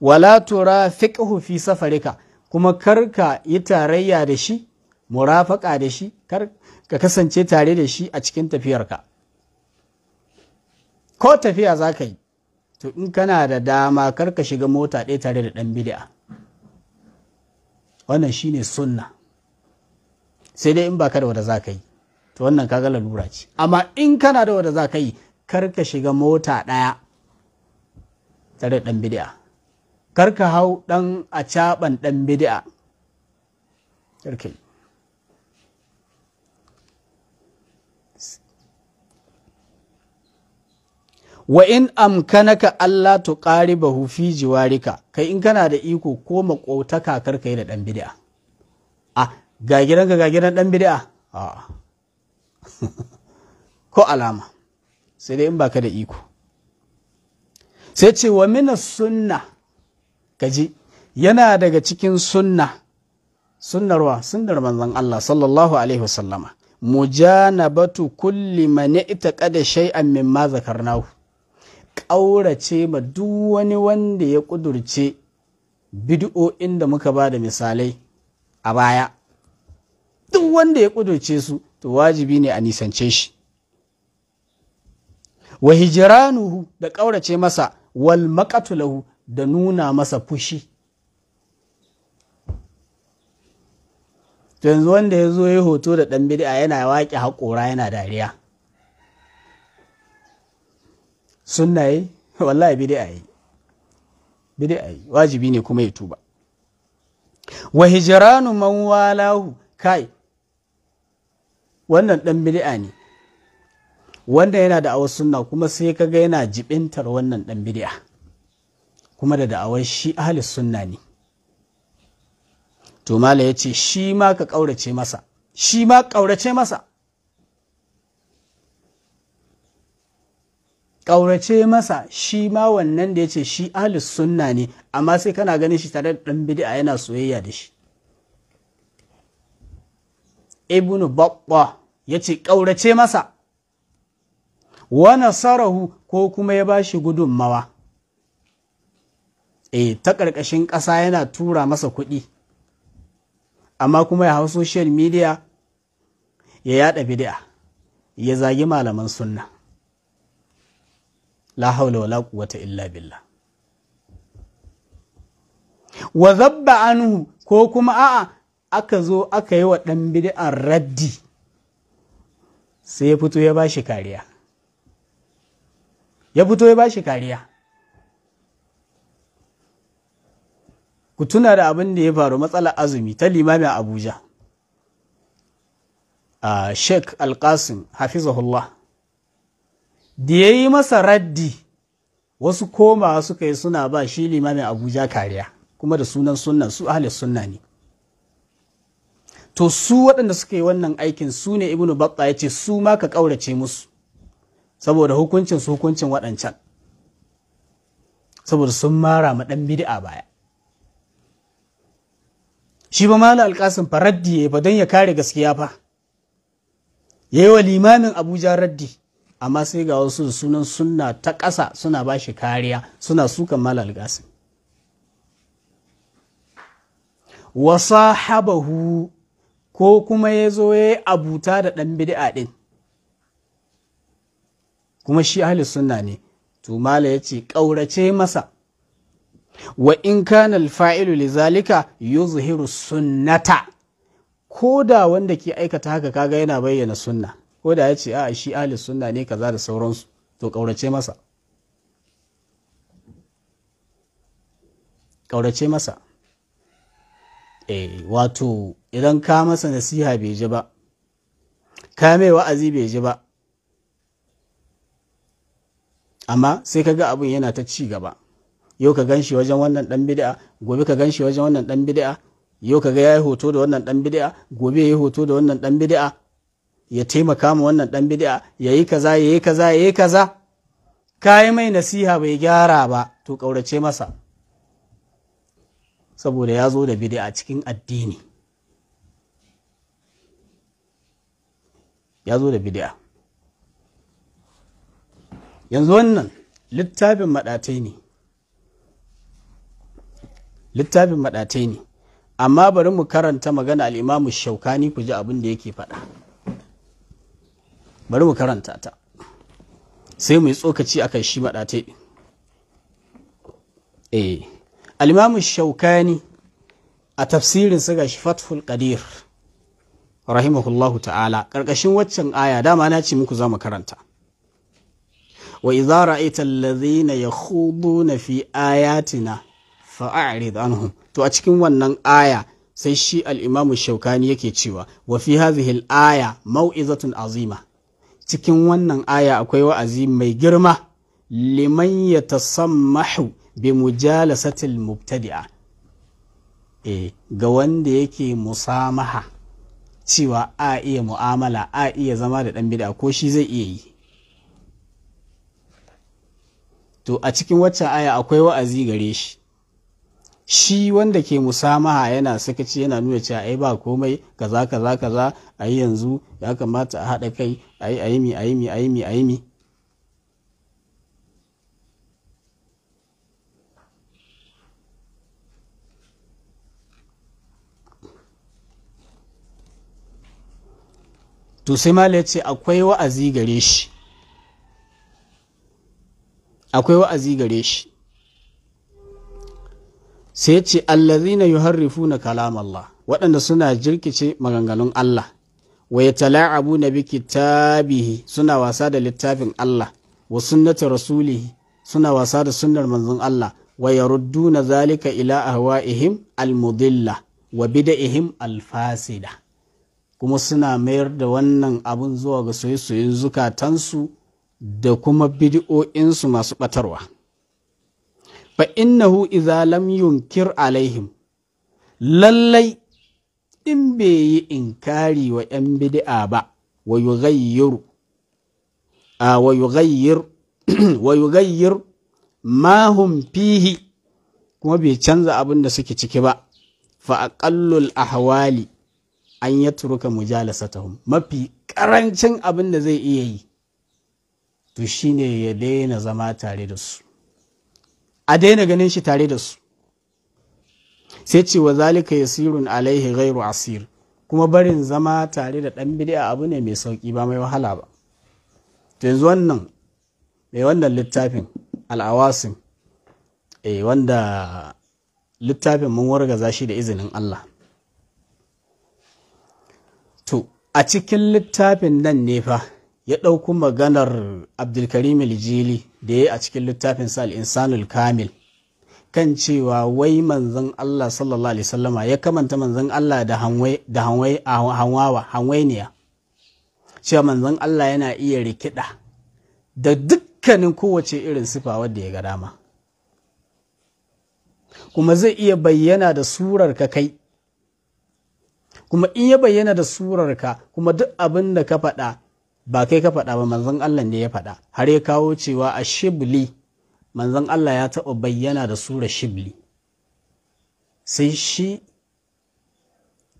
wala tura fiqhu fi safarika kuma karka yi tarayya da shi murafaka da shi kar ka kasance tare da shi a cikin tafiyarka ko tafiya za ka yi to in kana da dama kar ka shiga mota ɗaya tare da ɗan bid'a wannan shi ne sunna sai dai in ba ka da wanda za ka yi to wannan kaga lalura ce amma in kana da wanda za ka yi kar ka shiga mota ɗaya tare da ɗan bid'a karka hau ɗan a caɓan ɗan bidi'a wa in amkanaka Allah tu bahu fi jiwarika kai in kana da iko ko makotaka kar yi da dan bidi'a. a ga gidanka ga gidan dan bidi'a. a ko alama sai dai in baka da iko sai ce wa mina sunna gaji yana daga cikin sunna sunnarwa sunnar manzon Allah sallallahu alaihi wasallama mujanabatu kulli man i'taqada shay'an mimma nahu. ƙaurace ma duk wani wanda ya ƙudurce bid'o'in da muka ba da misalai a baya duk wanda ya ƙudurce su to wajibi ne a nisance shi wa hijranuhu da ƙaurace masa wal maqatu da nuna masa fushi yanzu wanda ya zo ya hoto da ɗan bid'a yana waƙi haƙora yana dariya sunna yi wallahi bid'a yi bid'a yi wajibi ne kuma ya tuba wa hijranu man walahu kai wannan ɗan bid'a ne wanda yana da awa sunna kuma sai kaga yana jibintar wannan ɗan bid'a kuma da da'awar shi ahli sunna ne to mala ya ce shi ma ka ƙaurace masa shi ma ƙaurace masa ƙaurace masa shi ma wannan da ya ce shi ahli sunna ne amma sai kana ganin shi tare da ɗan bid'a yana soyayya da shi ibnu babba ya ce ƙaurace masa wa nasarahu ko kuma ya ba shi gudunmawa E, ta ƙarƙashin ƙasa yana tura masa kuɗi amma kuma ya hau social media ya yaɗa bid'a ya zagi malaman sunna la haula wala quwwata illa billah wa zabba anhu ko kuma a'a aka zo aka yi wa ɗan bid'an raddi sai ya fito ya bashi kariya ya fito ya ba kariya ku tuna da abin da ya faru matsalar azumi ta limami a abuja a sheik alkasim hafizahullah da ya yi masa raddi wasu koma suka yi suna ba shi limamin abuja kariya kuma da sunan sunan su ahalis sunna ne to su waɗanda suka yi wannan aikin su ne ibnu batta ya ce su ma ka ƙaurace musu saboda hukuncin su hukuncin waɗancan saboda sun mara ma ɗan bid'a baya shi ba mala alƙasin fa raddi ya ba don ya kare gaskiya fa ya yi wa limamin abuja raddi amma sai ga wasu da sunan sunna ta ƙasa suna ba shi kariya suna sukan mala alƙasin. wasa habahu ko kuma ya zo ya yi abuta da ɗan bid'a ɗin kuma shi ahli sunna ne to mala ya ce ƙaurace masa wa in kana alfa'ilu lizalika yuzhiru sunnata ko da wanda ke aikata haka kaga yana bayyana sunna ko da ya ce a shi ahli sunna ne kaza da sauransu to kaurace masa kaurace masa eh wato idan ka masa nasiha bai ji ba ka mai wa'azi bai ji ba amma sai kaga abin yana ta ci gaba yau ka gan shi wajen wannan dan bid'a gobe ka gan shi wajen wannan dan bid'a yau ka ga yayi hoto da wannan dan bid'a gobe yayi hoto da wannan dan bid'a ya taimaka ma wannan dan bid'a yayi kaza yayi kaza yayi kaza yi mai nasiha bai gyara ba to kaurace masa saboda ya zo da bid'a cikin addini ya zo da bid'a yanzu wannan littafin maɗatai ne littafin maɗatai ne amma bari mu karanta magana al'imamu shaukani ku ji abin da yake faɗa bari mu karanta ta sai mu yi tsokaci akan shi maɗatai ɗin eh al'imamu shaukani a tafsirin ga shi fatful qadir rahimahullahu ta'ala ƙarƙashin waccan aya dama na ce muku za mu karanta wa idza ra'aita allazina yakhuduna fi ayatina fa'arid anhum to a cikin wannan aya sai shi al shaukani yake cewa wa fi hazihil aya mau'izatun azima cikin wannan aya akwai wa'azi mai girma liman yatasammahu bi mujalasatil mubtadi'a e ga wanda yake musamaha cewa a iya mu'amala a iya zama da ɗan bid'a ko shi zai iya yi to a cikin waccan aya akwai wa'azi gare shi shi wanda ke musamaha yana sakaci yana nuna cewa ai ba komai kaza kaza kaza ai yanzu ya kamata a haɗa kai ai ai mi ai mi ai mi ai mi to sai ya ce akwai wa'azi gare shi akwai wa'azi gare shi sai ya ce allazina yuharrifuna kalam Allah waɗanda suna jirkice maganganun Allah wa na bi kitabihi suna wasa da littafin Allah wa sunnata rasulihi suna wasa da sunnar manzon Allah wa na zalika ila ahwa'ihim almudilla wa bida'ihim alfasida kuma suna mayar da wannan abun zuwa ga soyayyen zukatansu da kuma bid'o'insu masu batarwa fa innahu iza lam yunkir alaihim lallai in bai yi inkari wa 'yan bid'a ba wa yughayyir a wa yughayyir wa yughayyir ma hum fihi kuma bai canza abin da suke ciki ba fa aqallul ahwali an yatruka mujalasatahum mafi karancin abin da zai iya yi to shine ya daina zama tare da su a daina ganin shi tare da su sai ce wa zalika yasirun alaihi gairu asir kuma barin zama tare da dan bid'a abu ne mai sauki ba mai wahala ba to yanzu wannan mai wannan littafin al'awasim eh wanda littafin mun wargaza shi da izinin Allah to a cikin littafin nan ne fa ya ɗauko maganar abdulkarim jili da ya yi a cikin littafin sa kamil kan cewa wai manzon Allah sallallahu alaihi wasallama ya kamanta manzon Allah da hanwai da hanwai hanwawa hanwainiya cewa manzon Allah yana iya rikida da dukkanin kowace irin sifa wadda ya ga dama kuma zai iya bayyana da surar ka kai kuma in ya bayyana da surar ka kuma duk abin da ka faɗa ba kai ka faɗa ba manzon Allah ne ya faɗa har ya kawo cewa a shibli manzon Allah ya taɓa bayyana da sura shibli sai shi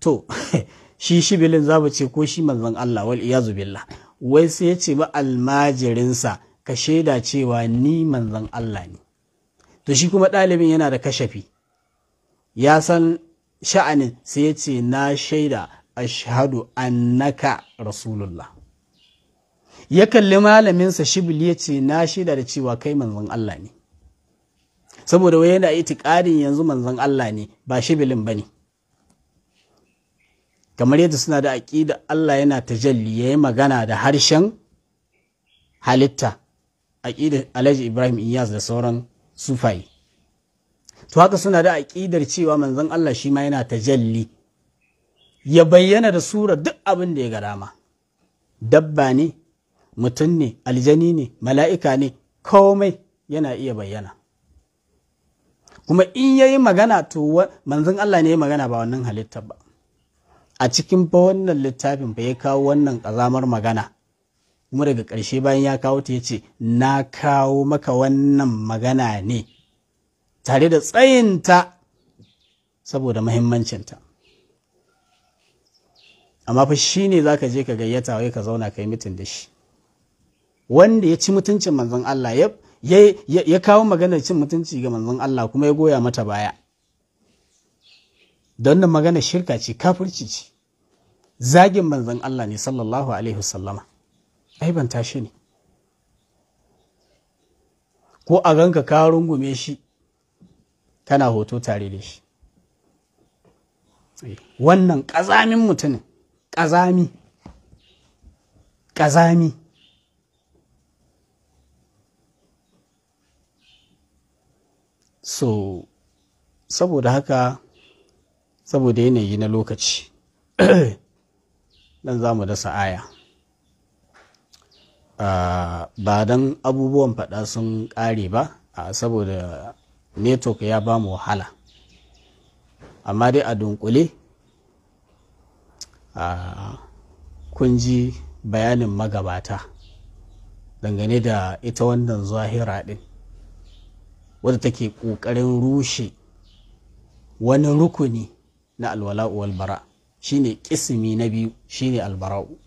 to shi shibilin za mu ce ko shi manzon Allah wal iyazu billah wai sai ya ce ba almajirinsa ka shaida cewa ni manzon Allah ne to shi kuma ɗalibin yana da kashafi ya san sha'anin sai ya ce na shaida ashhadu annaka rasulullah ya kalli malaminsa shibli ya ce na shida da cewa kai manzon Allah ne saboda wai yana itikadin yanzu manzon Allah ne ba shibilin bane kamar yadda suna da aƙida Allah yana tajalli yayi magana da harshen halitta aƙida Alhaji Ibrahim Iyas da sauran sufai to haka suna da aƙidar cewa manzon Allah shi ma yana tajalli ya bayyana da sura duk abin da ya ga dama dabba ne mutum ne aljani ne mala'ika ne komai yana iya bayyana kuma in yayi magana to manzon Allah ne ya magana ba wannan halitta ba a cikin ba wannan littafin ba ya kawo wannan ƙazamar magana kuma daga ƙarshe bayan ya kawo ta ya ce na kawo maka wannan magana ne tare da tsayinta saboda mahimmancinta amma fa shi ne za ka je ka gayyata wai ka zauna ka yi mitin da shi wanda ya ci mutuncin manzon Allah ya kawo maganar cin mutunci ga manzon Allah kuma ya goya mata baya don nan magana shirka ce kafirci ce zagin manzon Allah ne sallallahu alaihi wasallama ai ban tashi ne ko a ganka ka rungume shi kana hoto tare da shi eh, wannan ƙazamin mutumin ƙazami ƙazami so saboda haka saboda yanayi na lokaci nan za mu dasa aya ah, ba don abubuwan faɗa sun kare ba saboda network ya ba mu wahala amma dai a dunkule ah, kun ji bayanin magabata dangane da ita wannan zahira din. wadda take ƙoƙarin rushe wani rukuni na alwala'u wal bara shine kisimi na biyu shine albara'u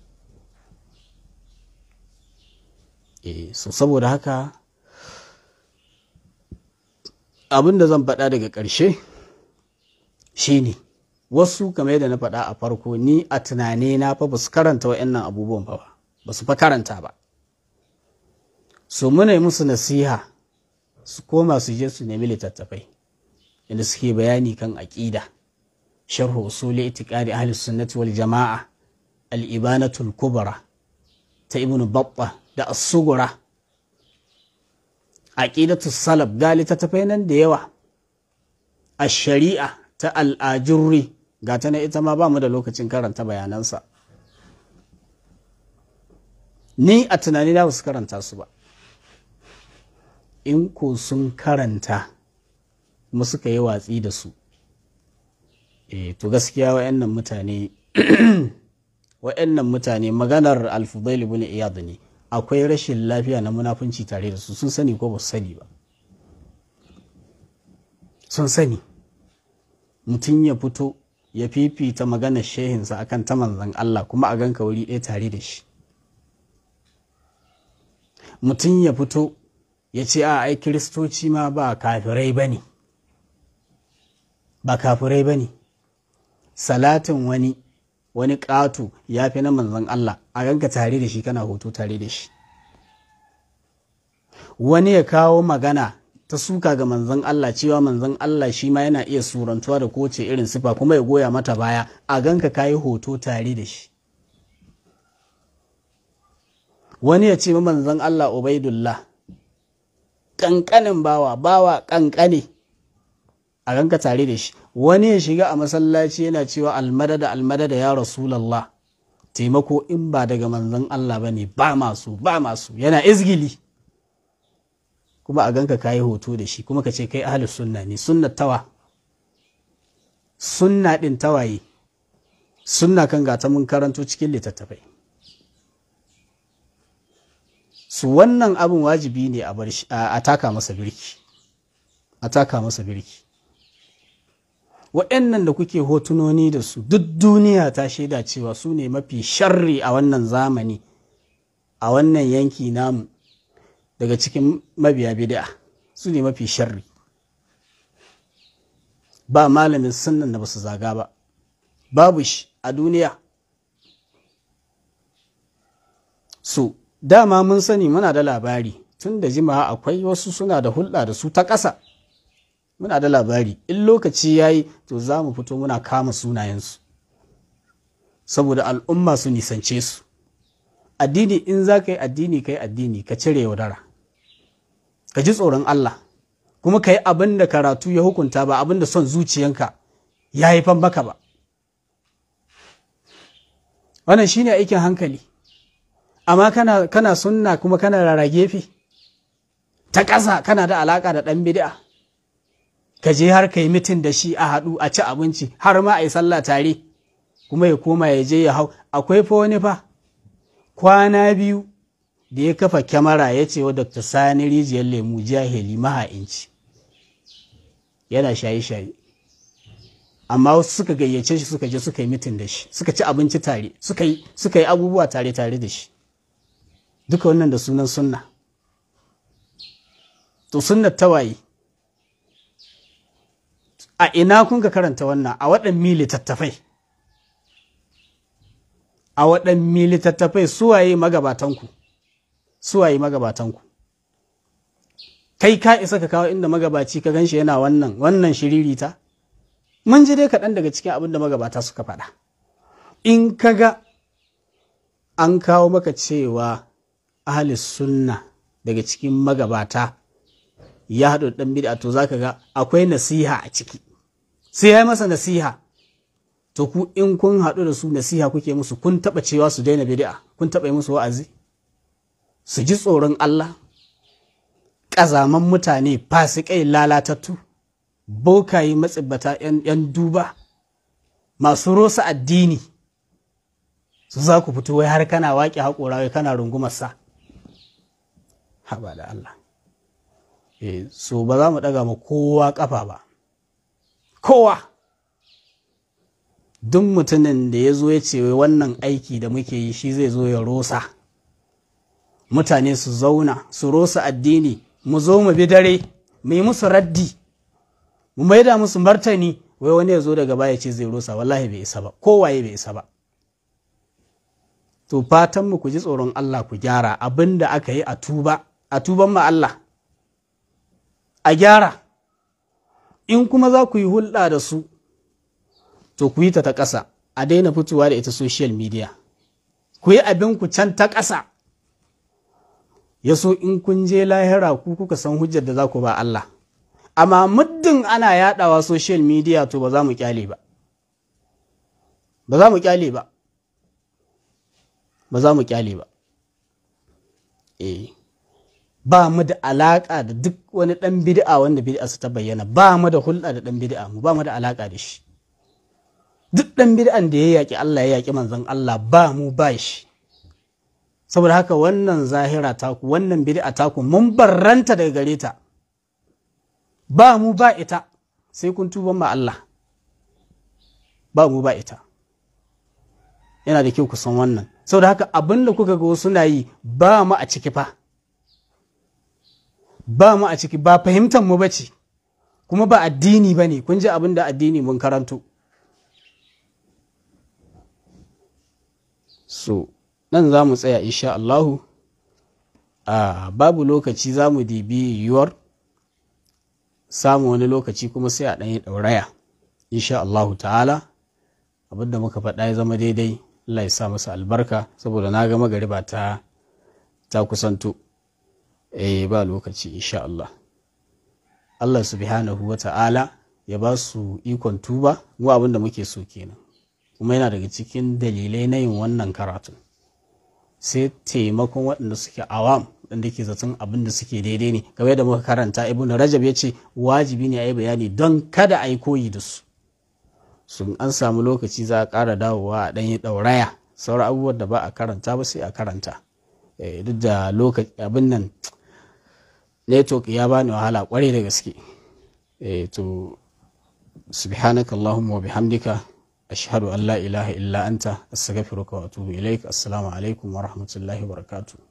eh so saboda haka abin da zan faɗa daga ƙarshe shine wasu kamar da na faɗa a farko ni a tunane na fa ba su karanta wa'annan abubuwan ba ba su fa karanta ba su muna yi musu nasiha su koma su je su nemi littattafai inda suke bayani kan aƙida sharhu usuli itiqadi ahli sunnati wal jama'a al ibanatul kubra ta ibnu babba da Asugura. sugura aqidatu salaf ga littattafai nan da yawa a sharia ta al'ajurri ga ta ita ma ba mu da lokacin karanta bayanansa ni a tunani na su karanta su ba in ko sun karanta kuma suka yi watsi da su e, to gaskiya wa'annan mutane wa'annan mutane maganar alfudai libun iyad ne akwai rashin lafiya na munafunci tare da su sun sani ko ba su sani ba sun sani mutum ya fito ya fifita maganar shehinsa akan ta manzan Allah kuma a ganka wuri ɗaya tare da shi mutum ya fito ya ce a ai kiristoci ma ba kafirai ba ne ba kafirai ba ne salatin wani wani ƙato ya fi na manzan Allah a ganka tare da shi kana hoto tare da shi wani ya kawo magana ta suka ga manzan Allah cewa manzan Allah shi ma yana iya surantuwa da kowace irin sifa kuma ya goya mata baya a ganka kayi hoto tare da shi wani ya ce ma manzan Allah ubaidullah ƙanƙanin bawa bawa ƙanƙane a ganka tare da shi wani ya shiga a masallaci yana cewa almadada almadada ya rasu rasulallah taimako in ba daga manzon Allah ba ne ba masu ba masu yana izgili kuma a ganka kayi hoto da shi kuma ka ce kai ahlus sunna ne sunna tawa sunna din tawaye sunna kan gata mun karanto cikin littattafai su wannan abin wajibi ne a taka masa birki a taka masa da kuke hotunoni da su duk duniya ta shaida cewa su ne mafi sharri a wannan zamani a wannan yanki namu daga cikin mabiya bid'a su ne mafi sharri ba malamin sunan da ba su zaga ba babu shi a duniya su dama mun sani muna da labari tun da jima'a akwai wasu suna da hulɗa da su ta ƙasa muna da labari in lokaci ya yi to za mu fito muna kama sunayensu saboda al'umma su nisance su addini in za ka yi addini ka yi addini ka cire yaudara ka ji tsoron Allah kuma ka yi abin da karatu ya hukunta ba abin da son zuciyanka ya haifan baka ba wannan shine aikin hankali amma kana, kana sunna kuma kana rara gefe ta ƙasa kana da alaƙa da ɗan bid'a ka je har ka yi mitin da shi a haɗu a ci abinci har ma a yi sallah tare kuma ya koma ya je ya hau akwai fa wani fa kwana biyu da ya kafa kyamara ya ce wa dr sani rijiyar lemu jahili maha'inci yana shaye-shaye amma wasu suka gayyace shi suka je suka yi mitin da shi suka ci abinci tare suka yi abubuwa tare tare da shi duka wannan da sunan sunna to sunnar tawaye a ina kun ka karanta wannan a waɗan mili tattafai a waɗan mili tattafai suwaye magabatanku suwaye magabatanku kai ka isa ka kawo inda magabaci ka ganshi yana wannan wannan shiririta mun ji dai kaɗan daga cikin abin da magabata suka faɗa in ka ga an kawo maka cewa ahalis sunna daga cikin magabata ya haɗu ɗan bid'a to zaka ga akwai nasiha a ciki sai ya yi masa nasiha to ku in kun haɗu da su nasiha kuke musu kun taɓa cewa su daina bid'a kun taɓa yi musu wa'azi su ji tsoron Allah ƙazaman mutane fasikai lalatattu yi matsibbata ‘yan duba masu rosa addini su za ku fito wai har kana waƙe haƙora wai kana sa? haɓa da Allah eh, so ba za mu ɗaga ma kowa ƙafa ba kowa duk mutumin da ya zo ya ce wannan aiki da muke yi shi zai zo ya rosa mutane su zauna su rosa addini mu zo mu bi dare mu yi musu raddi mu maida musu martani wai wani ya zo daga baya ce zai rosa wallahi bai isa ba kowaye bai isa ba to fatanmu ku ji tsoron Allah ku gyara abin da aka yi a tuba a tuban ma Allah a gyara in kuma za ku yi hulɗa da su to ku yi ta ta ƙasa a daina fitowa da ita social media ku yi abin ku can ta ƙasa ya so in kun je lahira ku kuka san hujjar da za ku ba Allah amma muddin ana yadawa social media to ba za mu kyale ba ba za mu kyale ba ba za mu kyale ba eh ba mu da alaƙa da duk wani ɗan bid'a wanda bid'a su ta bayyana ba mu da hulɗa da ɗan bid'a mu ba mu da alaƙa da shi duk ɗan bid'an da ya yaƙi Allah ya yaƙi manzon Allah ba mu ba shi saboda haka wannan zahira taku wannan bid'a taku mun barranta daga gare ta ba mu ba ita sai kun tuban ma Allah ba mu ba ita yana da kyau ku san wannan saboda haka abinda kuka ga suna yi ba mu a ciki fa ba mu a ciki ba fahimtar mu bace kuma ba addini ba ne kun ji abin da addini mun karanto so nan za mu tsaya insha Allahu a babu lokaci za mu dibi yiwuwar samu wani lokaci kuma sai a ɗanyi ɗauraya insha Allahu ta'ala abinda muka faɗa ya zama daidai Allah ya sa masa albarka saboda na ga magariba ta ta kusanto eh ba lokaci insha Allah Allah subhanahu wa ta'ala ya ba su ikon tuba mu abin da muke so kenan kuma yana daga cikin dalilai na yin wannan karatun sai taimakon waɗanda suke awam waɗanda ke zaton abin da suke daidai ne game da muka karanta ibn rajab ya ce wajibi ne a yi bayani don kada a yi koyi da su sun an samu lokaci za a ƙara dawowa a ɗanyi ɗauraya sauran abubuwan da ba a karanta ba sai a karanta eh, duk da abin nan network ya bani wahala kwarai da gaske eh to subhanaka allahumma wa bihamdika ashhadu an la ilaha illa anta astaghfiruka wa atubu ilaik assalamu alaikum wa rahmatullahi wa barakatuh